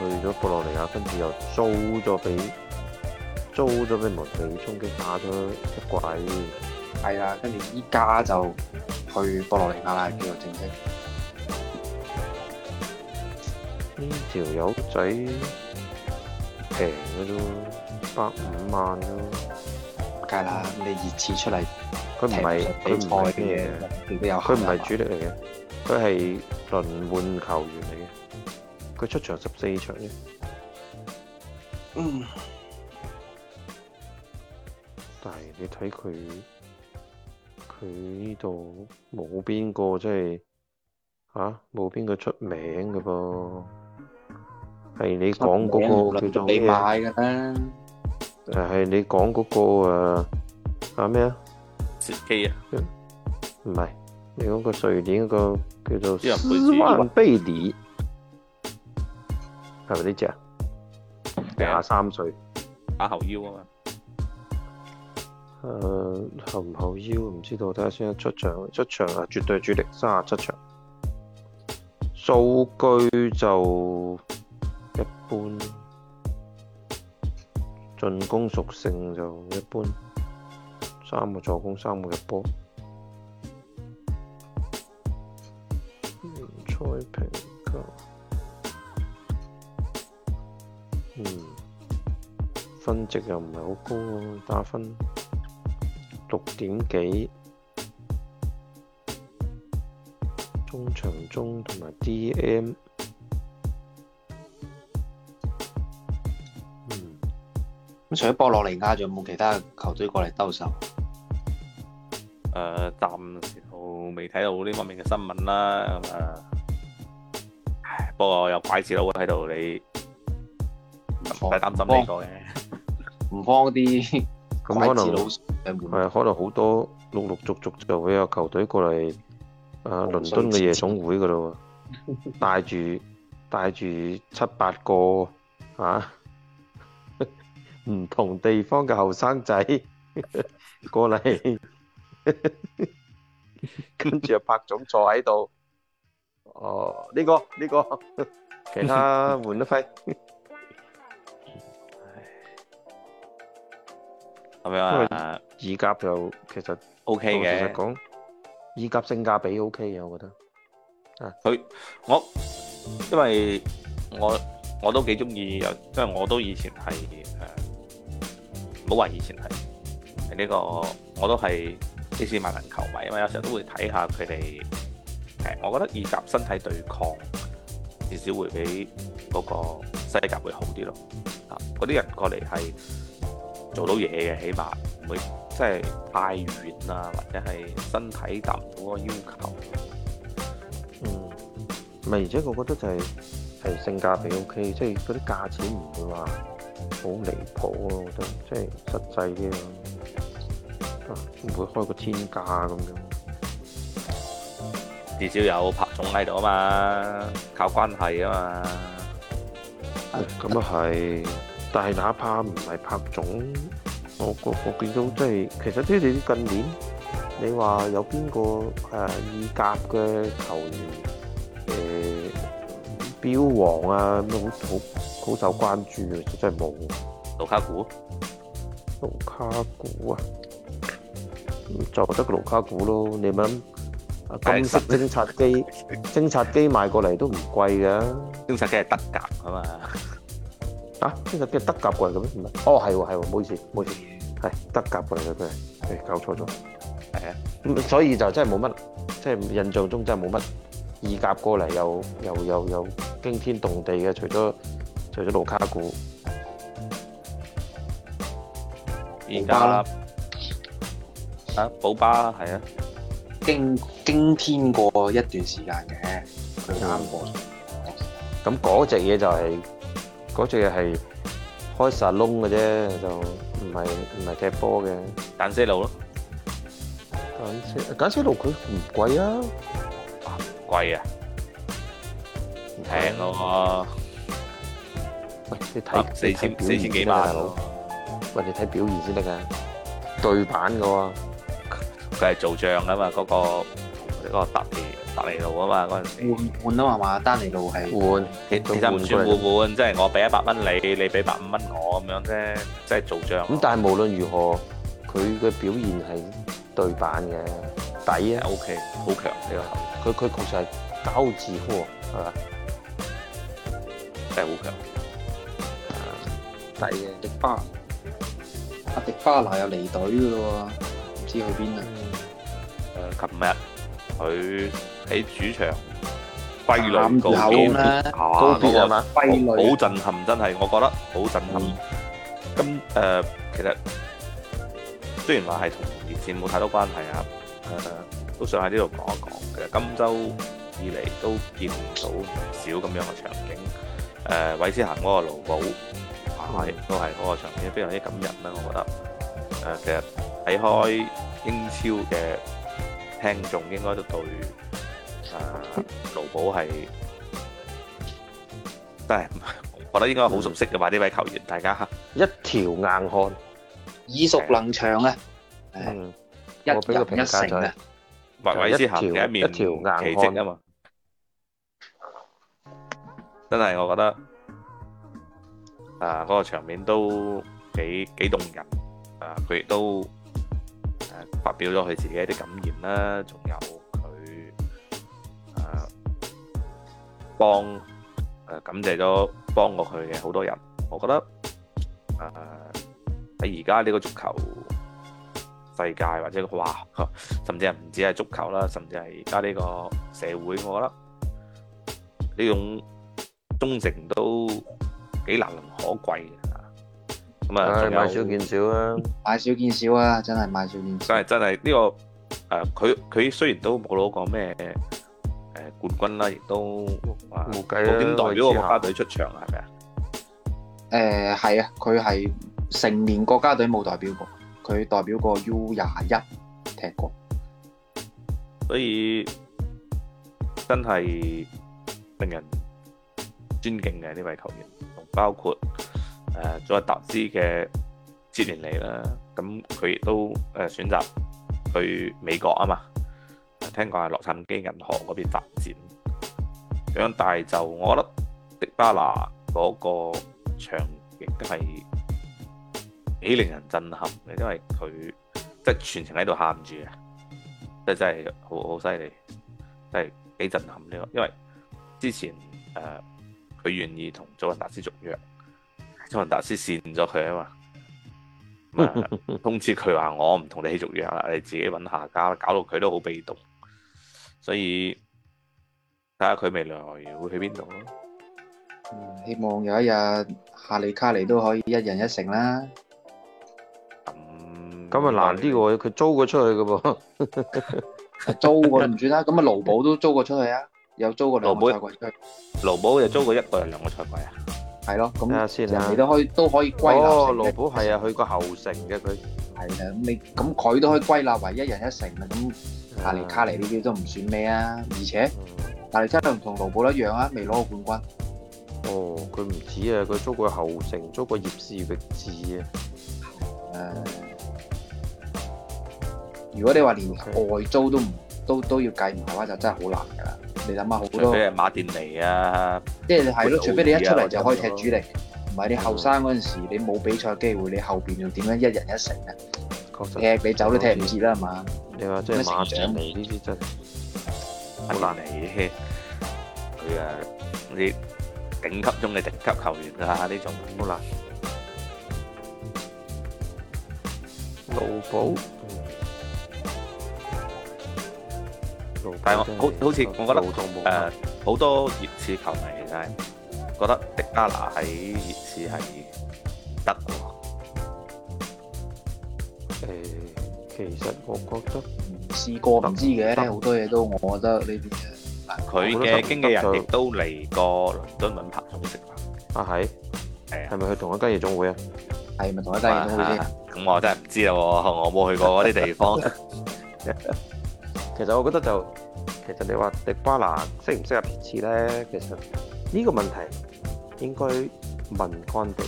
去咗博洛尼亞，跟住又租咗俾租咗俾莫里衝擊打咗一季，係、嗯、啊，跟住依家就去博洛尼亞啦，叫做正式。呢條友仔平嘅都百五萬咯，梗係啦，你熱刺出嚟，佢唔係佢唔係嘢，佢唔係主力嚟嘅，佢係輪換球員嚟。佢出場十四場啫，嗯，但係你睇佢，佢呢度冇邊個，即係啊冇邊個出名㗎噃，係你講嗰個叫做咩？你買嘅啦，誒係你講嗰個誒啊咩啊？切機啊？唔係，你講個瑞典嗰個叫做斯萬貝里。係咪呢隻？廿三歲，打後腰啊嘛。誒，後唔後腰唔知道，睇下先。出場出場啊，絕對主力，卅七場。數據就一般，進攻屬性就一般，三個助攻，三個入波。聯賽評級。嗯，分值又唔係好高，打分六點幾，中場中同埋 D.M。嗯，咁除咗博洛尼亞仲有冇其他球隊過嚟兜售？誒、呃，暫時我未睇到呢方面嘅新聞啦。咁、呃、啊，不過有拐子佬喺度你。唔幫唔幫啲咁，可能係可能好多陸陸續續就會有球隊過嚟，誒，倫敦嘅夜總會噶咯，帶住帶住七八個啊唔同地方嘅後生仔過嚟，跟住又拍總坐喺度，哦，呢個呢個其他換一批。咁樣啊，意甲就其實 O K 嘅。其實講意甲性價比 O K 嘅，我覺得啊，佢我因為我我都幾中意因為我都以前係誒，唔好話以前係係呢個，我都係 AC 米蘭球迷因嘛，有時候都會睇下佢哋誒，我覺得意甲身體對抗至少會比嗰個西甲會好啲咯。啊、嗯，嗰啲、嗯、人過嚟係。做到嘢嘅，起碼唔會即係太遠啊，或者係身體達唔到個要求，嗯，咪而且我覺得就係、係、係性價比 OK，即係嗰啲價錢唔會話好離譜咯，我覺得即係實際啲咯，唔、啊、會開個天價咁樣，至少有拍種喺度啊嘛，靠關係啊嘛，咁啊係。但係哪怕唔係拍總，我我見到即係其實即係你近年，你話有邊個誒意甲嘅球員呃標王啊都好好好受關注啊，真係冇。盧卡古，盧卡古啊，就得個盧卡古咯。你諗啊，金色偵察機， <laughs> 偵察機買過嚟都唔貴噶，偵察機係德甲啊嘛。 <laughs> 嚇，即係即係德甲夾過嚟咁樣，哦，係喎係喎，唔好意思，唔好意思，係德甲過嚟嘅佢，誒，搞錯咗，係啊，所以就真係冇乜，即係印象中真係冇乜意甲過嚟又又又又驚天動地嘅，除咗除咗盧卡古，而家啦，寶啊，保巴啦，係啊，驚驚天過一段時間嘅，佢啱過，咁嗰隻嘢就係。嗰隻嘢係開曬窿嘅啫，就唔係唔係踢波嘅。揀西路咯。揀西揀西路佢唔貴啊。貴啊？平個喎。喂，你睇四千幾萬大佬。喂，你睇表現先得噶。對版㗎喎。佢係做仗啊嘛，嗰個嗰個特別。達尼路啊嘛，嗰陣時換換啊嘛，達尼路係換，其實換轉換換，即係、就是、我俾一百蚊你，你俾百五蚊我咁樣啫，即、就、係、是、做賬。咁但係無論如何，佢嘅表現係對版嘅，抵啊，啊，O K，好強，呢較強。佢佢確實係高質，係吧真係好強，第嘅、嗯、迪巴，阿迪巴拿又離隊噶咯，唔知去邊啦。誒、嗯，琴日佢。喺主場，費雷高啲高啲啊嘛！好、那個、震撼，真係，我覺得好震撼。咁、嗯嗯、其實雖然話係同熱刺冇太多關係啊、嗯，都想喺呢度講一講。其實今週以嚟都見到唔少咁樣嘅場景，誒、嗯嗯啊、韋斯咸嗰個盧布，都係都係嗰個場景，非常之感人啦。我覺得、嗯嗯、其實睇開英超嘅聽眾應該都對，勞保係，真係，我覺得應該好熟悉噶嘛呢位球員，大家一條硬漢，耳熟能詳啊，一人一城啊，或者一條一條硬漢啊嘛，真係我覺得，啊，嗰個場面都幾幾動人，啊，佢亦都，誒，發表咗佢自己啲感言啦，仲有。幫誒、呃，感謝咗幫過佢嘅好多人。我覺得誒喺而家呢個足球世界或者哇，甚至係唔止係足球啦，甚至係而家呢個社會，我覺得呢種忠誠都幾難能可貴嘅。咁啊，買少見少啦，買少見少啊， <laughs> 買少見少啊，真係買少見少，真係真係呢個誒，佢、呃、佢雖然都冇攞過咩誒、呃、冠軍啦、啊，亦都。冇計哇啊！點代表個國家隊出場、呃、係啊？係咪啊？誒，係啊，佢係成年國家隊冇代表過，佢代表過 U 廿一踢過，所以真係令人尊敬嘅呢位球員。包括誒，祖雲達斯嘅捷連尼啦，咁佢亦都誒選擇去美國啊嘛，聽講係洛杉磯銀河嗰邊發展。響大就我覺得迪巴拿嗰個場景都係幾令人震撼嘅，因為佢即係全程喺度喊住啊，即係真係好好犀利，真係幾震撼呢個。因為之前誒佢願意同祖雲達斯續約，祖雲達斯扇咗佢啊嘛 <laughs> 通知佢話我唔同你繼續約啦，你自己揾下家啦，搞到佢都好被動，所以。睇下佢未來會去邊度咯。希望有一日夏利卡尼都可以一人一城啦。咁咁啊難啲喎，佢租過出去噶噃。租過唔算啊，咁啊勞保都租過出去啊，有租過兩個賽季出。勞保又租過一個人兩個賽季啊。係咯，咁睇下先啦。你都可以都可以歸納。哦，勞保係啊，去過后城嘅佢。係啊，咁你咁佢都可以歸納為一人一城啦。咁夏利卡尼呢啲都唔算咩啊，而且。但係真係唔同盧布一樣啊，未攞過冠軍。哦，佢唔止啊，佢租過侯城，租過葉士域治啊。誒，如果你話連外租都唔都都要計埋嘅話，就真係好難噶啦。你諗下好多，除非係馬甸尼啊，即係係咯，除非你一出嚟就可以踢主力，唔係你後生嗰陣時你冇比賽機會，你後邊要點樣一人一城咧？踢你走都踢唔切啦，係嘛？你話即係馬甸尼呢啲真？好難嚟嘅，佢啊啲頂級中嘅頂級球員啊，呢種。好難。盧布？但係我好好似我覺得，誒，好多熱刺球迷其實係覺得迪加拿喺熱刺係得喎。誒，其實我覺得。試過唔知嘅，好多嘢都我覺得呢啲。佢嘅經紀人亦都嚟過倫敦品牌總席。啊係，係咪去同一間夜總會啊？係咪同一間夜總會先？咁我真係唔知啦，我冇去過嗰啲地方。其實我覺得就，其實你話迪巴拿適唔適合熱刺咧？其實呢個問題應該問干地。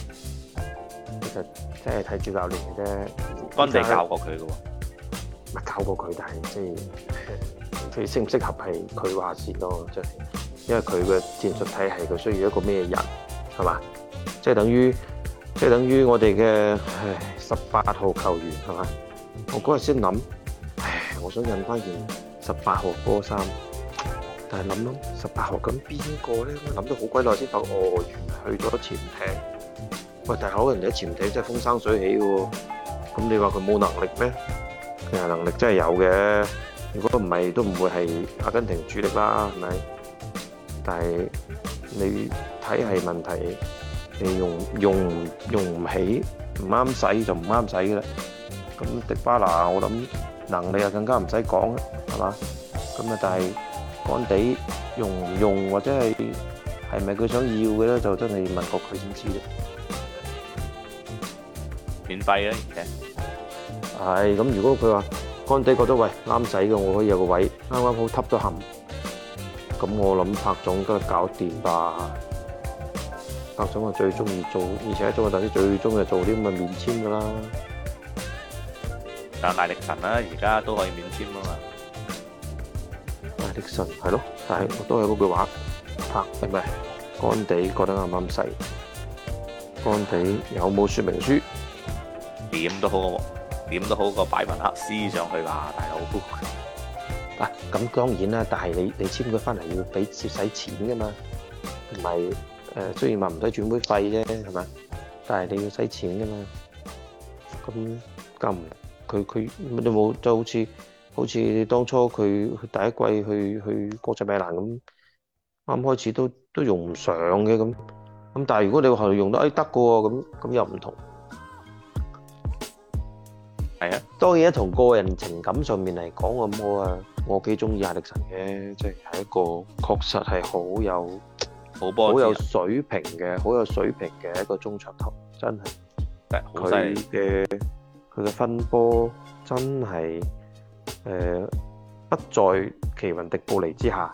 其實真係睇主教練嘅啫，干地教過佢嘅喎。咪教過佢，但係即係佢適唔適合係佢話事囉。真係。因為佢嘅戰術體系佢需要一個咩人係嘛？即係等於即係等於我哋嘅唉十八號球員係嘛？我嗰日先諗，唉，我想印返件十八號波衫，但係諗諗十八號咁邊個咧？諗到好鬼耐先發，哦，原來去咗潛艇。喂，但係可能你喺潛艇真係風生水起喎，咁你話佢冇能力咩？能力真係有嘅，如果唔係都唔會係阿根廷主力啦，係咪？但係你睇係問題，你用用用唔起，唔啱使就唔啱使嘅啦。咁迪巴拿我諗能力啊更加唔使講啦，係嘛？咁啊但係干地用唔用或者係係咪佢想要嘅咧？就真係問過佢先知啦。免費嘅，係。係咁，如果佢話乾地覺得喂啱使嘅，我可以有個位啱啱好揷咗陷，咁我諗柏總都係搞掂吧。柏總啊，最中意做，而且中國大師最中意做啲咁嘅免簽噶啦。但係力神咧，而家都可以免簽啊嘛。力神係咯，但係我都係嗰句話，柏係咪乾地覺得啱啱使，乾地有冇說明書？點都好。點都好過擺雲克斯上去吧，大佬。啊，咁當然啦，但係你你簽佢翻嚟要俾要使錢嘅嘛，唔係，誒雖然話唔使轉會費啫，係嘛？但係你要使錢嘅嘛。咁咁佢佢乜都冇，就好似好似當初佢第一季去去國際米蘭咁，啱開始都都用唔上嘅咁。咁但係如果你後嚟用得誒得嘅喎，咁咁又唔同。係啊，當然啊，從個人情感上面嚟講，我啊，我幾中意艾歷臣嘅，即係係一個確實係好有好有水平嘅，好有水平嘅一個中場球，真係佢嘅佢嘅分波真係誒不在奇雲迪布尼之下。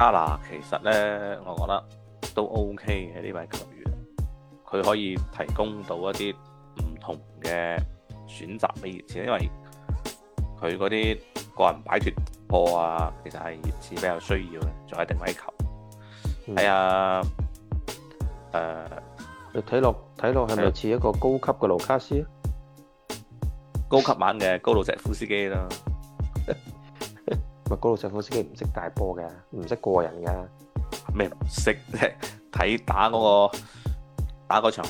阿拉其實咧，我覺得都 OK 嘅呢位球員。佢可以提供到一啲唔同嘅選擇俾熱刺，因為佢嗰啲個人擺脫波啊，其實係熱刺比較需要嘅，仲有定位球。係、嗯、啊，誒、呃，你睇落睇落係咪似一個高級嘅盧卡斯？高級版嘅高盧石夫斯基啦，咪 <laughs> 高盧石夫斯基唔識大波嘅，唔識過人嘅，咩唔識睇打嗰、那個。嗯打嗰場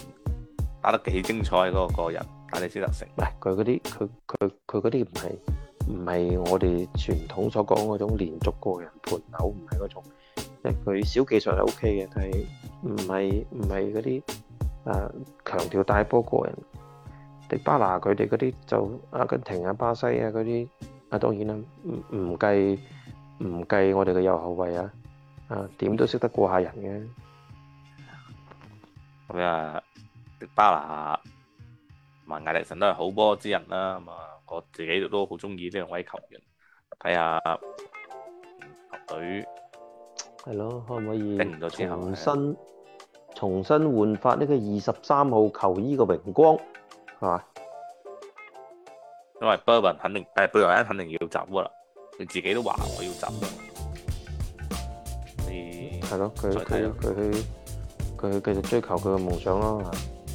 打得幾精彩嗰個個人，但係你先得食。唔係佢嗰啲，佢佢佢嗰啲唔係唔係我哋傳統所講嗰種連續個人盤口，唔係嗰種。誒，佢小技術係 OK 嘅，但係唔係唔係嗰啲誒強調帶波個人。迪巴拿佢哋嗰啲就阿根廷啊、巴西啊嗰啲啊，當然啦，唔唔計唔計我哋嘅右後衞啊啊，點都識得過下人嘅。咁啊，迪巴拉、埋艾力神都係好波之人啦。咁啊，我自己都好中意呢兩位球員。睇下球隊係咯，可唔可以定唔到重新、重新煥發呢個二十三號球衣嘅榮光？係嘛？因為 Berwin 肯定，誒，Berwin 肯定要走噶啦。佢自己都話我要走。係咯，佢佢佢。佢繼續追求佢嘅夢想咯，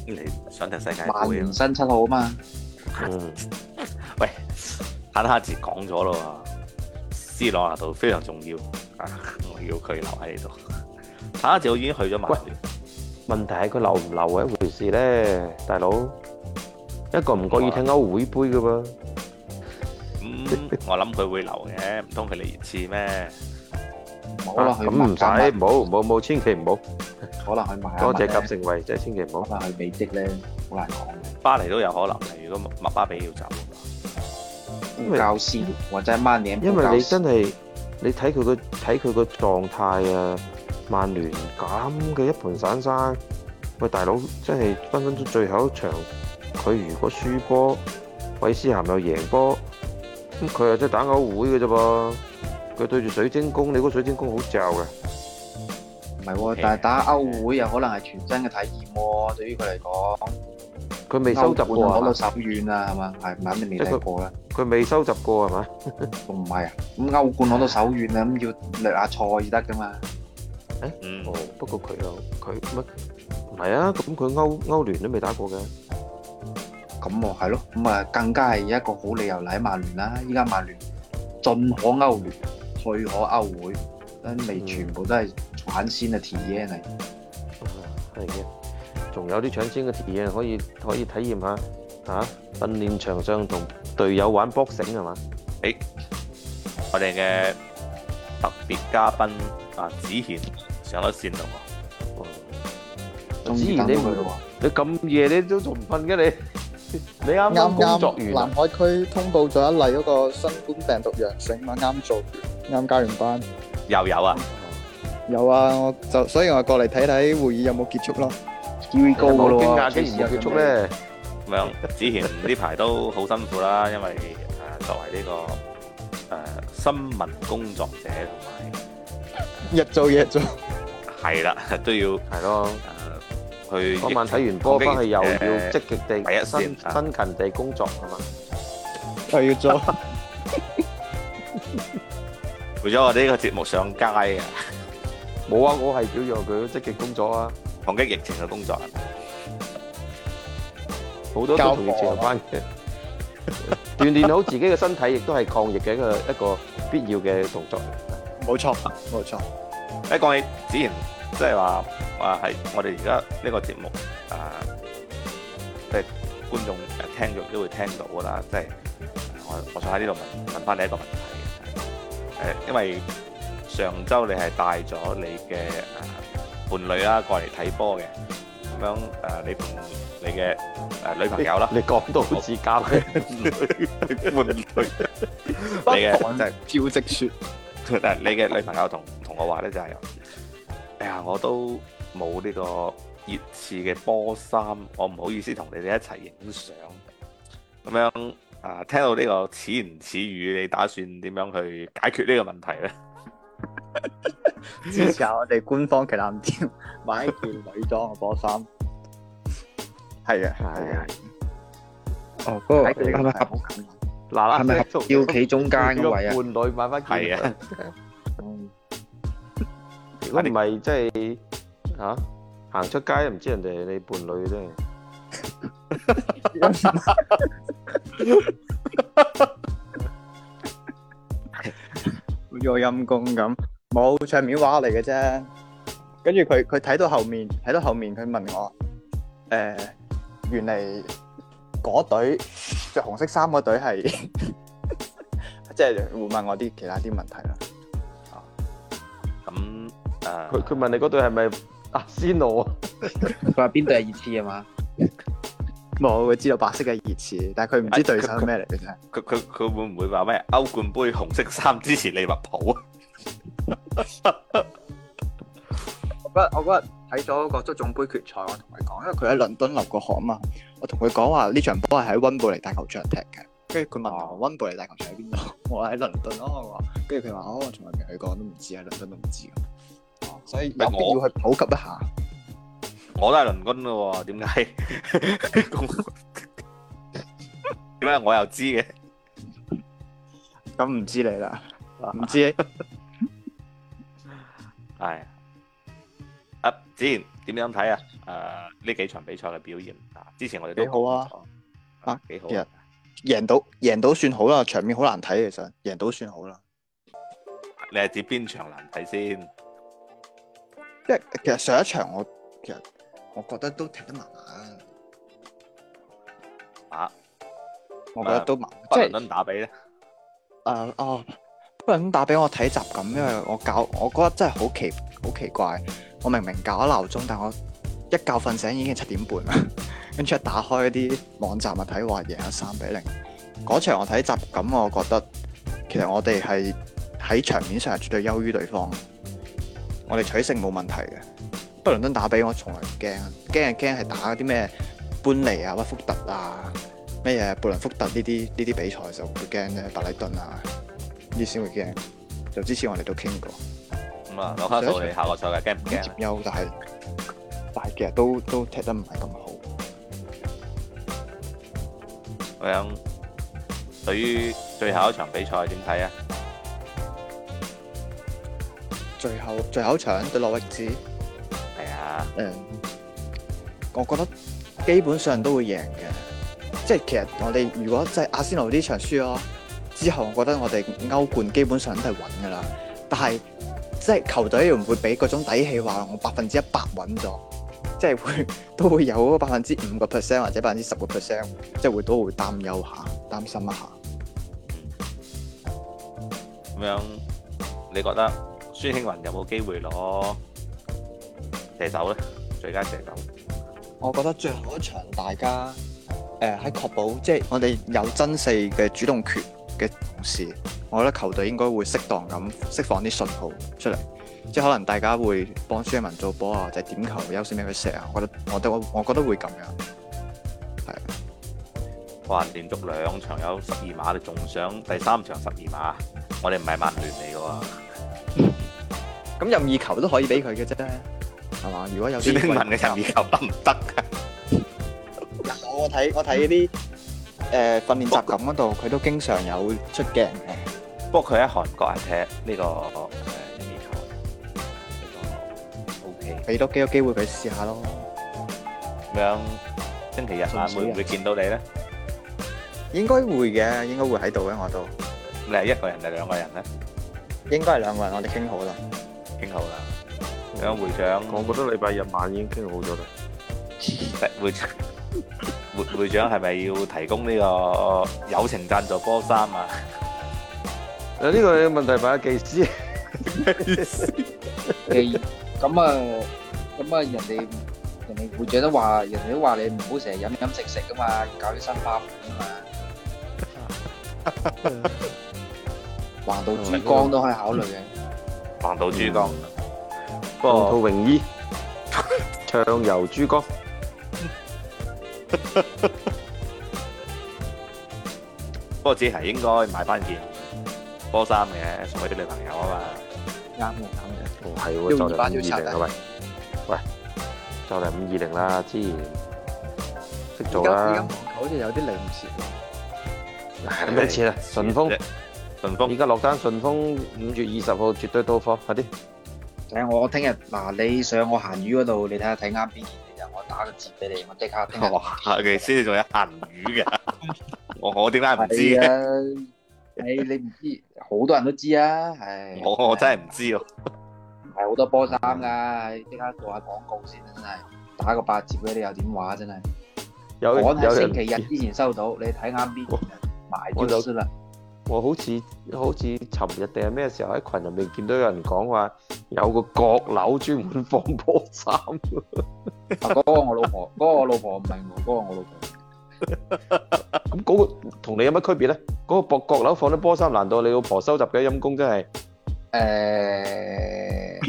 你想踢世界杯，曼聯新七號啊嘛。嗯，喂，坦哈格講咗啦，C 朗拿度非常重要啊，我要佢留喺度。坦哈格我已經去咗曼聯，問題係佢留唔留係一回事咧，大佬，一個唔覺意聽歐會杯噶噃。嗯，我諗佢會留嘅，唔通佢嚟一次咩？冇啦，咁唔使，冇冇冇，千祈唔好。可能去買、啊。多謝金聖衞，即、就、係、是、千祈唔好翻去美的咧，好難講嘅。巴黎都有可能嘅，如果麥巴比要走，交涉或者曼聯，因為你真係你睇佢個睇佢個狀態啊，曼聯咁嘅一盤散沙。喂，大佬，真係分分鐘最後一場，佢如果輸波，韋斯咸又贏波，咁佢又真係打歐會嘅啫噃。佢對住水晶宮，你估水晶宮好罩嘅？唔係喎，但係打歐會有可能係全新嘅體驗喎。對於佢嚟講，佢未收集過啊，攞到手軟啊，係嘛？係唔係咩未收集過咧？佢未收集過係嘛？仲唔係啊？咁歐冠攞到手軟啊，咁要掠略下賽至得噶嘛？誒，不過佢又佢乜唔係啊？咁佢歐歐聯都未打過嘅，咁啊係咯，咁啊更加係一個好理由嚟喺曼聯啦！依家曼聯進可歐聯，退可歐會，都未全部都係。眼先嘅體嘢嚟，係嘅，仲有啲搶先嘅體嘢，可以可以體驗下，吓訓練場上同隊友玩 boxing 係嘛？誒、哎，我哋嘅特別嘉賓啊，子賢上咗線度，哦、子賢呢位，你咁夜你都仲唔瞓嘅你？你啱啱剛工作完，南海區通報咗一例嗰個新冠病毒陽性嘛？啱做完，啱加完班，又有啊？有啊，我就所以我過嚟睇睇會議有冇結束咯。最高咯喎，竟然有結束咩？咁樣，之前呢排都好辛苦啦，因為誒作為呢個誒新聞工作者同埋日做夜做係啦，都要係咯，去嗰晚睇完波，翻去又要積極地、辛辛勤地工作啊嘛，又要做，為咗我哋呢個節目上街啊！冇啊！我係表揚佢積極工作啊，抗擊疫情嘅工作，好多都同疫情有關。鍛鍊谷、啊、好自己嘅身體，亦都係抗疫嘅一個一個必要嘅動作。冇錯，冇錯。誒，講起子賢，即係話啊，喺我哋而家呢個節目啊，即係觀眾聽咗都會聽到噶啦。即係我我想喺呢度問問翻你一個問題，誒，因為，上周你係帶咗你嘅伴侶啦，過嚟睇波嘅。咁樣誒，你同你嘅誒女朋友啦，你講到之交嘅伴侶侶， <laughs> 你嘅就係飄積雪。但係 <laughs> 你嘅女朋友同同 <laughs> 我話咧，就係，哎呀，我都冇呢個熱刺嘅波衫，我唔好意思同你哋一齊影相。咁樣啊，聽到呢個似言似語，你打算點樣去解決呢個問題咧？支持下我哋官方旗艦店，買一件女裝嘅波衫。係啊，係啊，哦，嗰個係咪合？嗱嗱，係咪合？要企中間嘅位啊！伴侶買翻件啊！如果唔係，即係吓行出街都唔知人哋你伴侶啫。好似我陰功咁，冇上面啲畫嚟嘅啫。跟住佢佢睇到後面，睇到後面佢問我，誒，原嚟嗰隊着紅色衫嗰隊係，即係會問我啲其他啲問題啦。咁誒，佢佢問你嗰隊係咪阿仙奴啊？佢話邊隊係熱刺啊嘛？冇佢知道白色嘅熱刺，但係佢唔知對手係咩嚟嘅啫。佢佢佢會唔會話咩歐冠杯紅色衫支持利物浦啊？嗰日 <laughs> <laughs> 我嗰日睇咗個足總杯決賽，我同佢講，因為佢喺倫敦留過學啊嘛，我同佢講話呢場波係喺温布利大球場踢嘅，跟住佢問我、啊、温布利大球場喺邊度？我話喺倫敦咯、啊，我話，跟住佢話哦，我從來未去過都唔知喺倫敦都唔知、啊，所以有必要去普及一下。我都係鄰軍咯喎，點解？點 <laughs> 解我又知嘅？咁唔、嗯、知你啦，唔知。係、 <laughs> 哎。阿、啊、子賢點樣睇啊？誒、呃，呢幾場比賽嘅表現，之前我哋都幾好啊，啊幾好啊，贏贏到贏到算好啦，場面好難睇其實，贏到算好啦。好，你係指邊場難睇先？即係其實上一場我其實。我覺，我覺得都踢得麻麻啊！我覺得都麻，即係不能打俾咧。誒哦，不能打俾我睇集錦，因為我搞，我覺得真係好奇好奇怪。我明明搞咗鬧鐘，但我一覺瞓醒已經七點半啦。跟住一打開啲網站啊，睇話贏咗三比零。嗰場我睇集錦，我覺得其實我哋係喺場面上係絕對優於對方的，我哋取勝冇問題嘅。不倫敦打比，我從來唔驚，驚係驚係打啲咩，般尼啊、屈福特啊、咩嘢布倫福特呢啲呢啲比賽就會驚咧，白禮頓啊呢先會驚，就之前我哋都傾過。咁啊、嗯，上一場下個賽嘅 game 驚唔驚，優，但係，但係其實都都踢得唔係咁好。我諗對於最後一場比賽點睇啊？最後最後一場對諾域治。嗯，我覺得基本上都會贏嘅，即係其實我哋如果即係阿仙奴呢場輸咯，之後我覺得我哋歐冠基本上都係穩噶啦，但係即係球隊又唔會俾嗰種底氣話我百分之一百穩咗，即係會都會有百分之五個 percent 或者百分之十個 percent，即係會都會擔憂下，擔心一下。咁樣你覺得孫興慜有冇機會攞？射手咧，最佳射手。我覺得最後一場，大家誒喺確保即係我哋有爭四嘅主動權嘅同時，我覺得球隊應該會適當咁釋放啲信號出嚟，即係可能大家會幫孫興慜做波啊，或者點球優先俾佢射啊。我覺得，我我我覺得會咁樣。係啊！哇，連續兩場有十二碼，你仲想第三場十二碼？我哋唔係曼聯嚟嘅喎，咁 <laughs> 任意球都可以俾佢嘅啫。係嘛？如果有啲英文嘅球唔得嘅，我睇我睇啲誒訓練集錦嗰度，佢都經常有出鏡嘅。不過佢喺韓國踢呢個誒足球，呢個 OK。俾多幾個機會佢試下咯。咁樣星期日啊，會唔會見到你咧？應該會嘅，應該會喺度嘅我都。你係一個人定兩個人咧？應該係兩個人，我哋傾好啦，傾好啦。阿會長，我覺得禮拜日晚已經傾好咗啦。會長會會長係咪要提供呢個友情贊助波衫啊？呢個問題擺喺技師。技咁啊，咁啊，人哋人哋會長都話，人哋都話你唔好成日飲飲食食噶嘛，搞啲新花款啊嘛。橫渡 <laughs> 珠江都可以考慮嘅。橫渡珠江。套泳衣，暢遊珠江。 <laughs> 不過只係應該買翻件波衫嘅，送俾啲女朋友啊嘛。啱嘅，啱嘅。要五二零啊喂！喂，就嚟五二零啦，之前識做啦。而家好似有啲嚟唔切喎。係咩、哎、錢啊？順豐風，順豐。而家落單順，順豐五月二十號絕對到貨，快啲！我聽日嗱，你上我閒魚嗰度，你睇下睇啱邊件嘅，我打個折俾你，我即刻聽我下期先至仲有閒魚嘅，我我點解唔知咧？唉、啊哎，你唔知，好多人都知啊。唉，我我真係唔知哦。係好多波衫噶，即刻做下廣告先啦，真係打個八折俾你又點話真係？有喺有星期日之前收到，有你睇啱邊件，買就。買了我就我、哦、好似好似尋日定係咩時候喺群入面見到有人講話有個閣樓專門放波衫，嗰 <laughs> 啊那個我老婆，嗰、那個我老婆唔係我，嗰、那個我老婆。咁 <laughs> 嗰、嗯那個同你有乜區別咧？嗰、那個博閣樓放啲波衫，難道你老婆收集嘅陰功真係？誒、欸，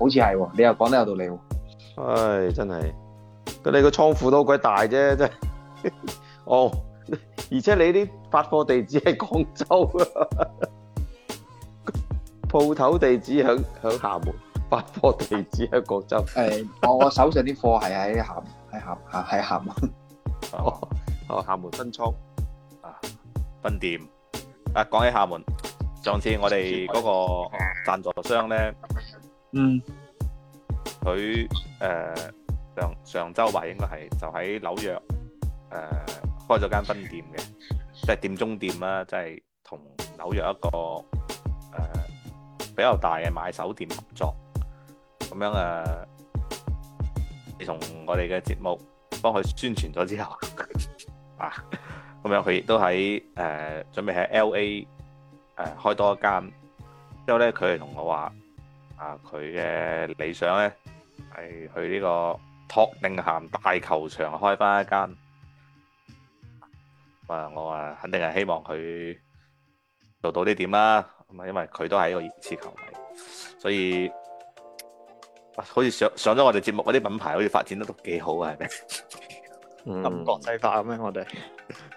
好似係、哦，你又講得有道理、哦。唉、 <laughs> 哎，真係，咁你個倉庫都好鬼大啫，真係。哦。而且你啲發貨地址喺廣州，鋪頭地址響響廈門，發貨地址喺廣州。誒、哎，我我手上啲貨係喺廈喺廈喺廈門。哦，哦，廈好門分倉啊，分店啊。講起廈門，上次我哋嗰個贊助商咧，嗯，佢誒、呃、上上週吧，應該係就喺紐約誒。呃開咗間分店嘅，即係店中店啦，即係同紐約一個誒比較大嘅買手店合作，咁樣誒，你從我哋嘅節目幫佢宣傳咗之後，啊，咁樣佢亦都喺誒準備喺 L.A. 誒開多一間，之後咧佢係同我話，啊佢嘅理想咧係去呢個托定咸大球場開翻一間。啊！我啊，肯定係希望佢做到啲點啦。咁啊，因為佢都係一個熱刺球迷，所以好似上上咗我哋節目嗰啲品牌，好似發展得都幾好啊，係咪？咁國際化咁咩？我哋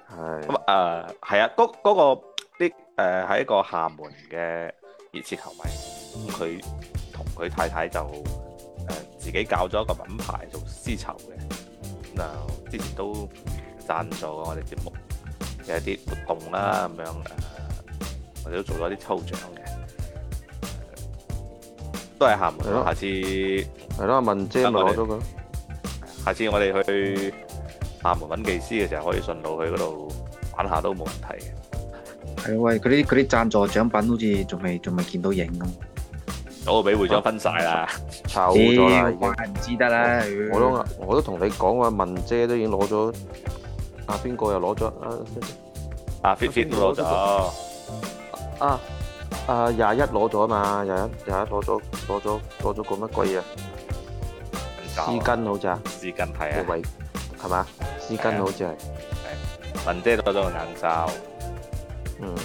係咁啊。係、呃、啊，嗰個啲誒係一個廈門嘅熱刺球迷，咁佢同佢太太就、呃、自己搞咗一個品牌做絲綢嘅嗱，然後之前都贊助我哋節目。有啲活動啦，咁樣誒，我哋都做咗啲抽獎嘅，都係廈門咯。的下次係咯，文姐攞咗佢。下次我哋去廈門揾技師嘅時候，可以順路去嗰度玩下都冇問題。係喎，喂！佢啲啲贊助獎品好似仲未仲未見到影咁。都俾會長分晒啦，炒咗啦。怪唔知得啦。我都我都同你講話，文姐都已經攞咗。阿邊個又攞咗？阿 fit fit 都攞咗。啊啊廿一攞咗啊嘛，廿一廿一攞咗攞咗攞咗個乜鬼嘢啊？絲巾好似啊，絲巾係啊，個位係嘛？絲巾好似係。係。瞓多咗個眼罩。嗯。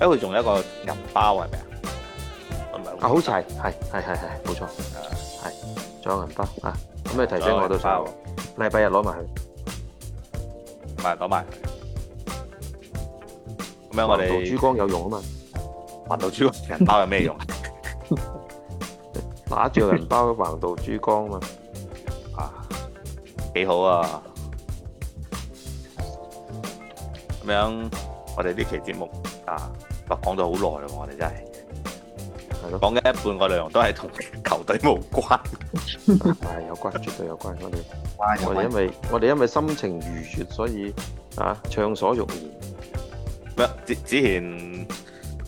誒佢仲有個銀包係咪啊？啊好齊，係係係係冇錯。係。仲有銀包啊？咁你提醒我都好。銀包。禮拜日攞埋去埋，攞埋，咁樣我哋橫渡珠江有用啊嘛，橫渡珠江銀包有咩用？打著 <laughs> 銀包橫渡珠江嘛，啊幾好這這啊！咁樣我哋呢期節目啊，話講咗好耐啦，我哋真係。係咯，講嘅一半個量都係同球隊無關。係有關，絕對有關。我哋我因為我哋因為心情愉悅，所以啊暢所欲言。子賢，之之前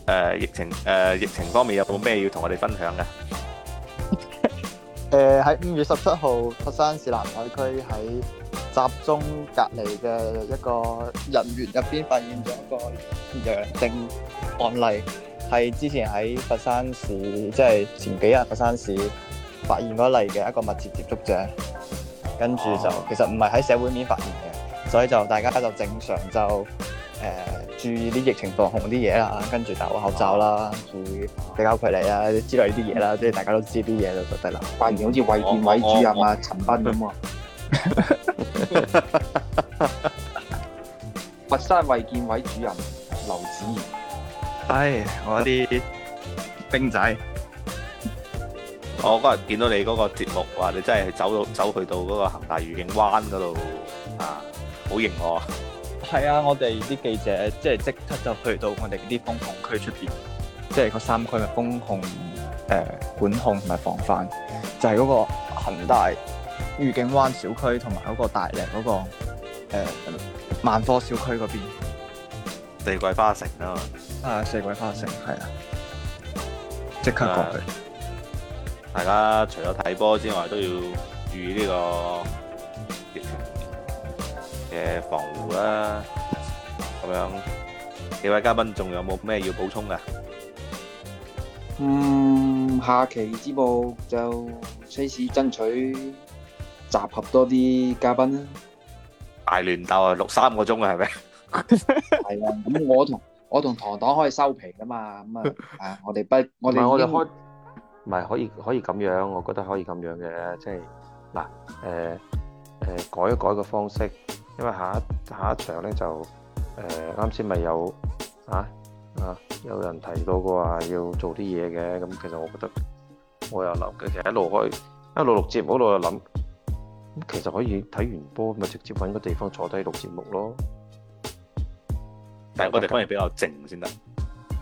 誒疫情誒疫情方面有冇咩要同我哋分享嘅？誒喺五月十七號，佛山市南海區喺集中隔離嘅一個人員入邊發現咗個陽性案例。係之前喺佛山市，即係前幾日佛山市發現嗰例嘅一個密切接觸者，跟住就、啊、其實唔係喺社會面發現嘅，所以就大家就正常就誒、呃、注意啲疫情防控啲嘢啦，跟住戴個口罩啦，會比較佢離啊之類啲嘢啦，即係大家都知啲嘢就得啦。發現好似衛健委主任啊陳斌咁啊， <laughs> <laughs> 佛山衛健委主任劉子怡。唉，我啲兵仔， <laughs> 我嗰日見到你嗰個節目，話你真係走到走去到嗰個恒大御景灣嗰度啊，好型喎。哦。係啊，我哋啲記者即係即刻就去到我哋啲封控區出邊，即係個三區嘅封控誒管控同埋防範，就係、是、嗰個恒大御景灣小區同埋嗰個大瀝嗰，那個誒、呃、萬科小區嗰邊。四季花城啊嘛，啊四季花城係、嗯、啊，即刻講佢。大家除咗睇波之外，都要注意呢個疫情嘅防護啦。咁樣，幾位嘉賓仲有冇咩要補充噶？嗯，下期節目就隨時爭取集合多啲嘉賓啦。大亂鬥啊，六三個鐘啊，係咪？係啊，咁 <laughs> 我同我同糖黨可以收皮噶嘛？咁啊，啊，我哋不我哋我哋開，唔係可以可以咁樣，我覺得可以咁樣嘅，即係嗱，誒誒、呃呃，改一改個方式，因為下一下一場咧就誒，啱先咪有啊啊，有人提到過話要做啲嘢嘅，咁、嗯、其實我覺得我又諗，其實一路開一路錄節目，一路又諗，咁其實可以睇完波咪直接搵個地方坐低錄節目咯。但係我哋反而比較靜先得，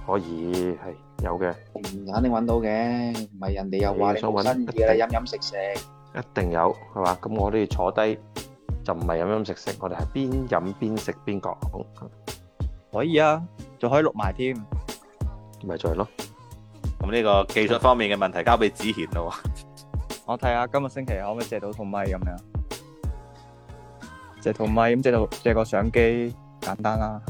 可以係有嘅，肯定搵到嘅，唔係人哋又話你想搵新嘢咧飲飲食食，一定有係嘛，咁我哋坐低就唔係飲飲食食，我哋係邊飲邊食邊講，可以啊，仲可以錄埋添，咪就係咯，咁呢個技術方面嘅問題交俾子賢咯，我睇下今個星期可唔可以借到套咪咁樣，借套咪咁借套借個相機簡單啦。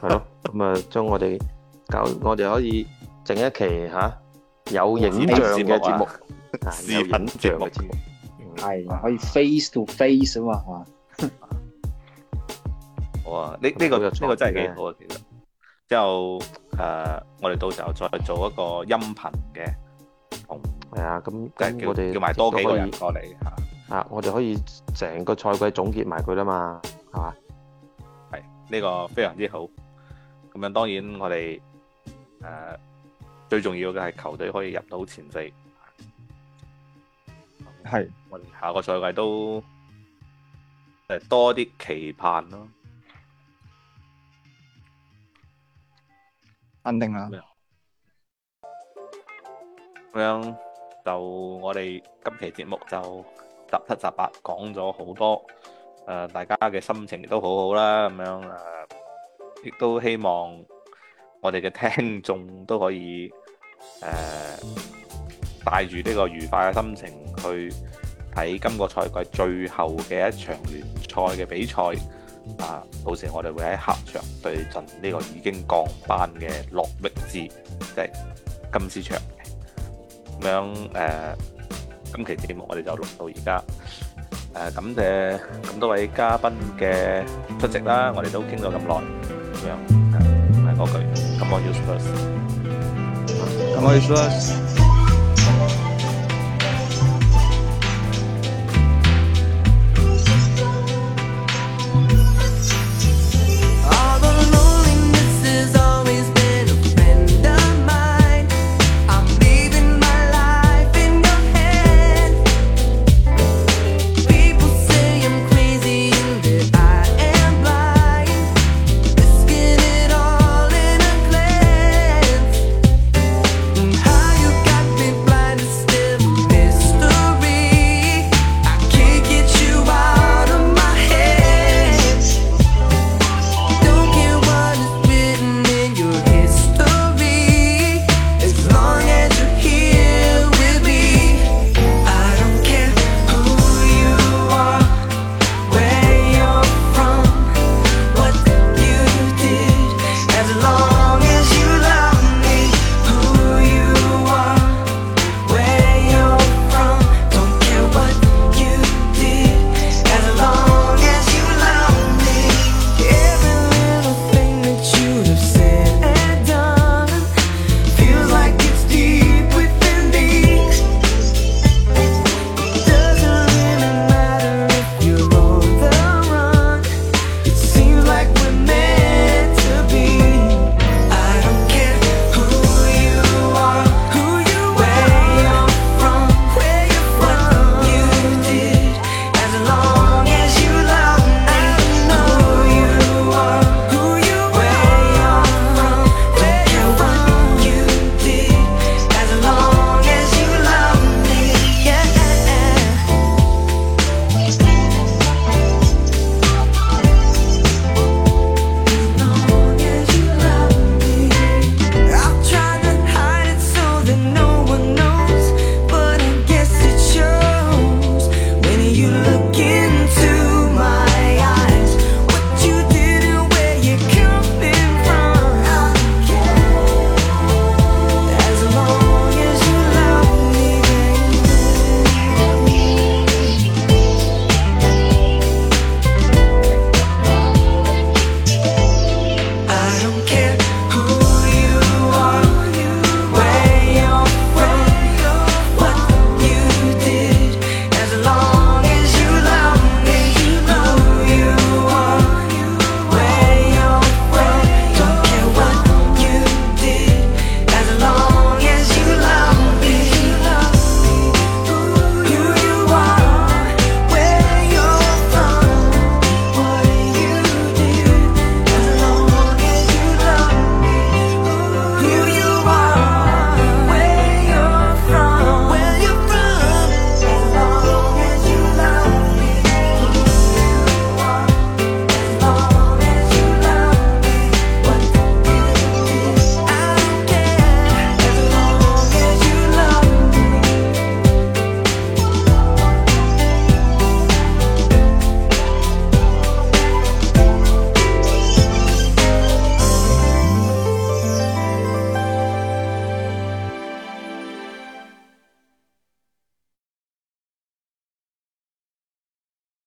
係咯，咁啊，將我哋搞，我哋可以整一期吓有影像嘅節目，有影像嘅節目，係可以 face to face 啊嘛，係嘛？好啊，呢呢個就呢個真係幾好啊，其實。之後誒，我哋到時候再做一個音頻嘅，係啊，咁我哋叫埋多幾個人過嚟吓，啊，我哋可以成個賽季總結埋佢啦嘛，係嘛？呢個非常之好，咁樣當然我哋誒、呃、最重要嘅係球隊可以入到前四，係是我哋下個賽季都誒多啲期盼咯，安定啦。咁樣就我哋今期節目就雜七雜八講咗好多。誒、呃，大家嘅心情也都很好好啦，咁樣誒，亦、呃、都希望我哋嘅聽眾都可以誒、呃，帶住呢個愉快嘅心情去睇今個賽季最後嘅一場聯賽嘅比賽。啊、呃，到時我哋會喺客場對陣呢個已經降班嘅諾域治，即係金絲雀。咁樣誒、呃，今期節目我哋就錄到而家。感謝咁多位嘉賓嘅出席啦，我哋都傾咗咁耐。咁樣係係句咁我 useless 咁我 useless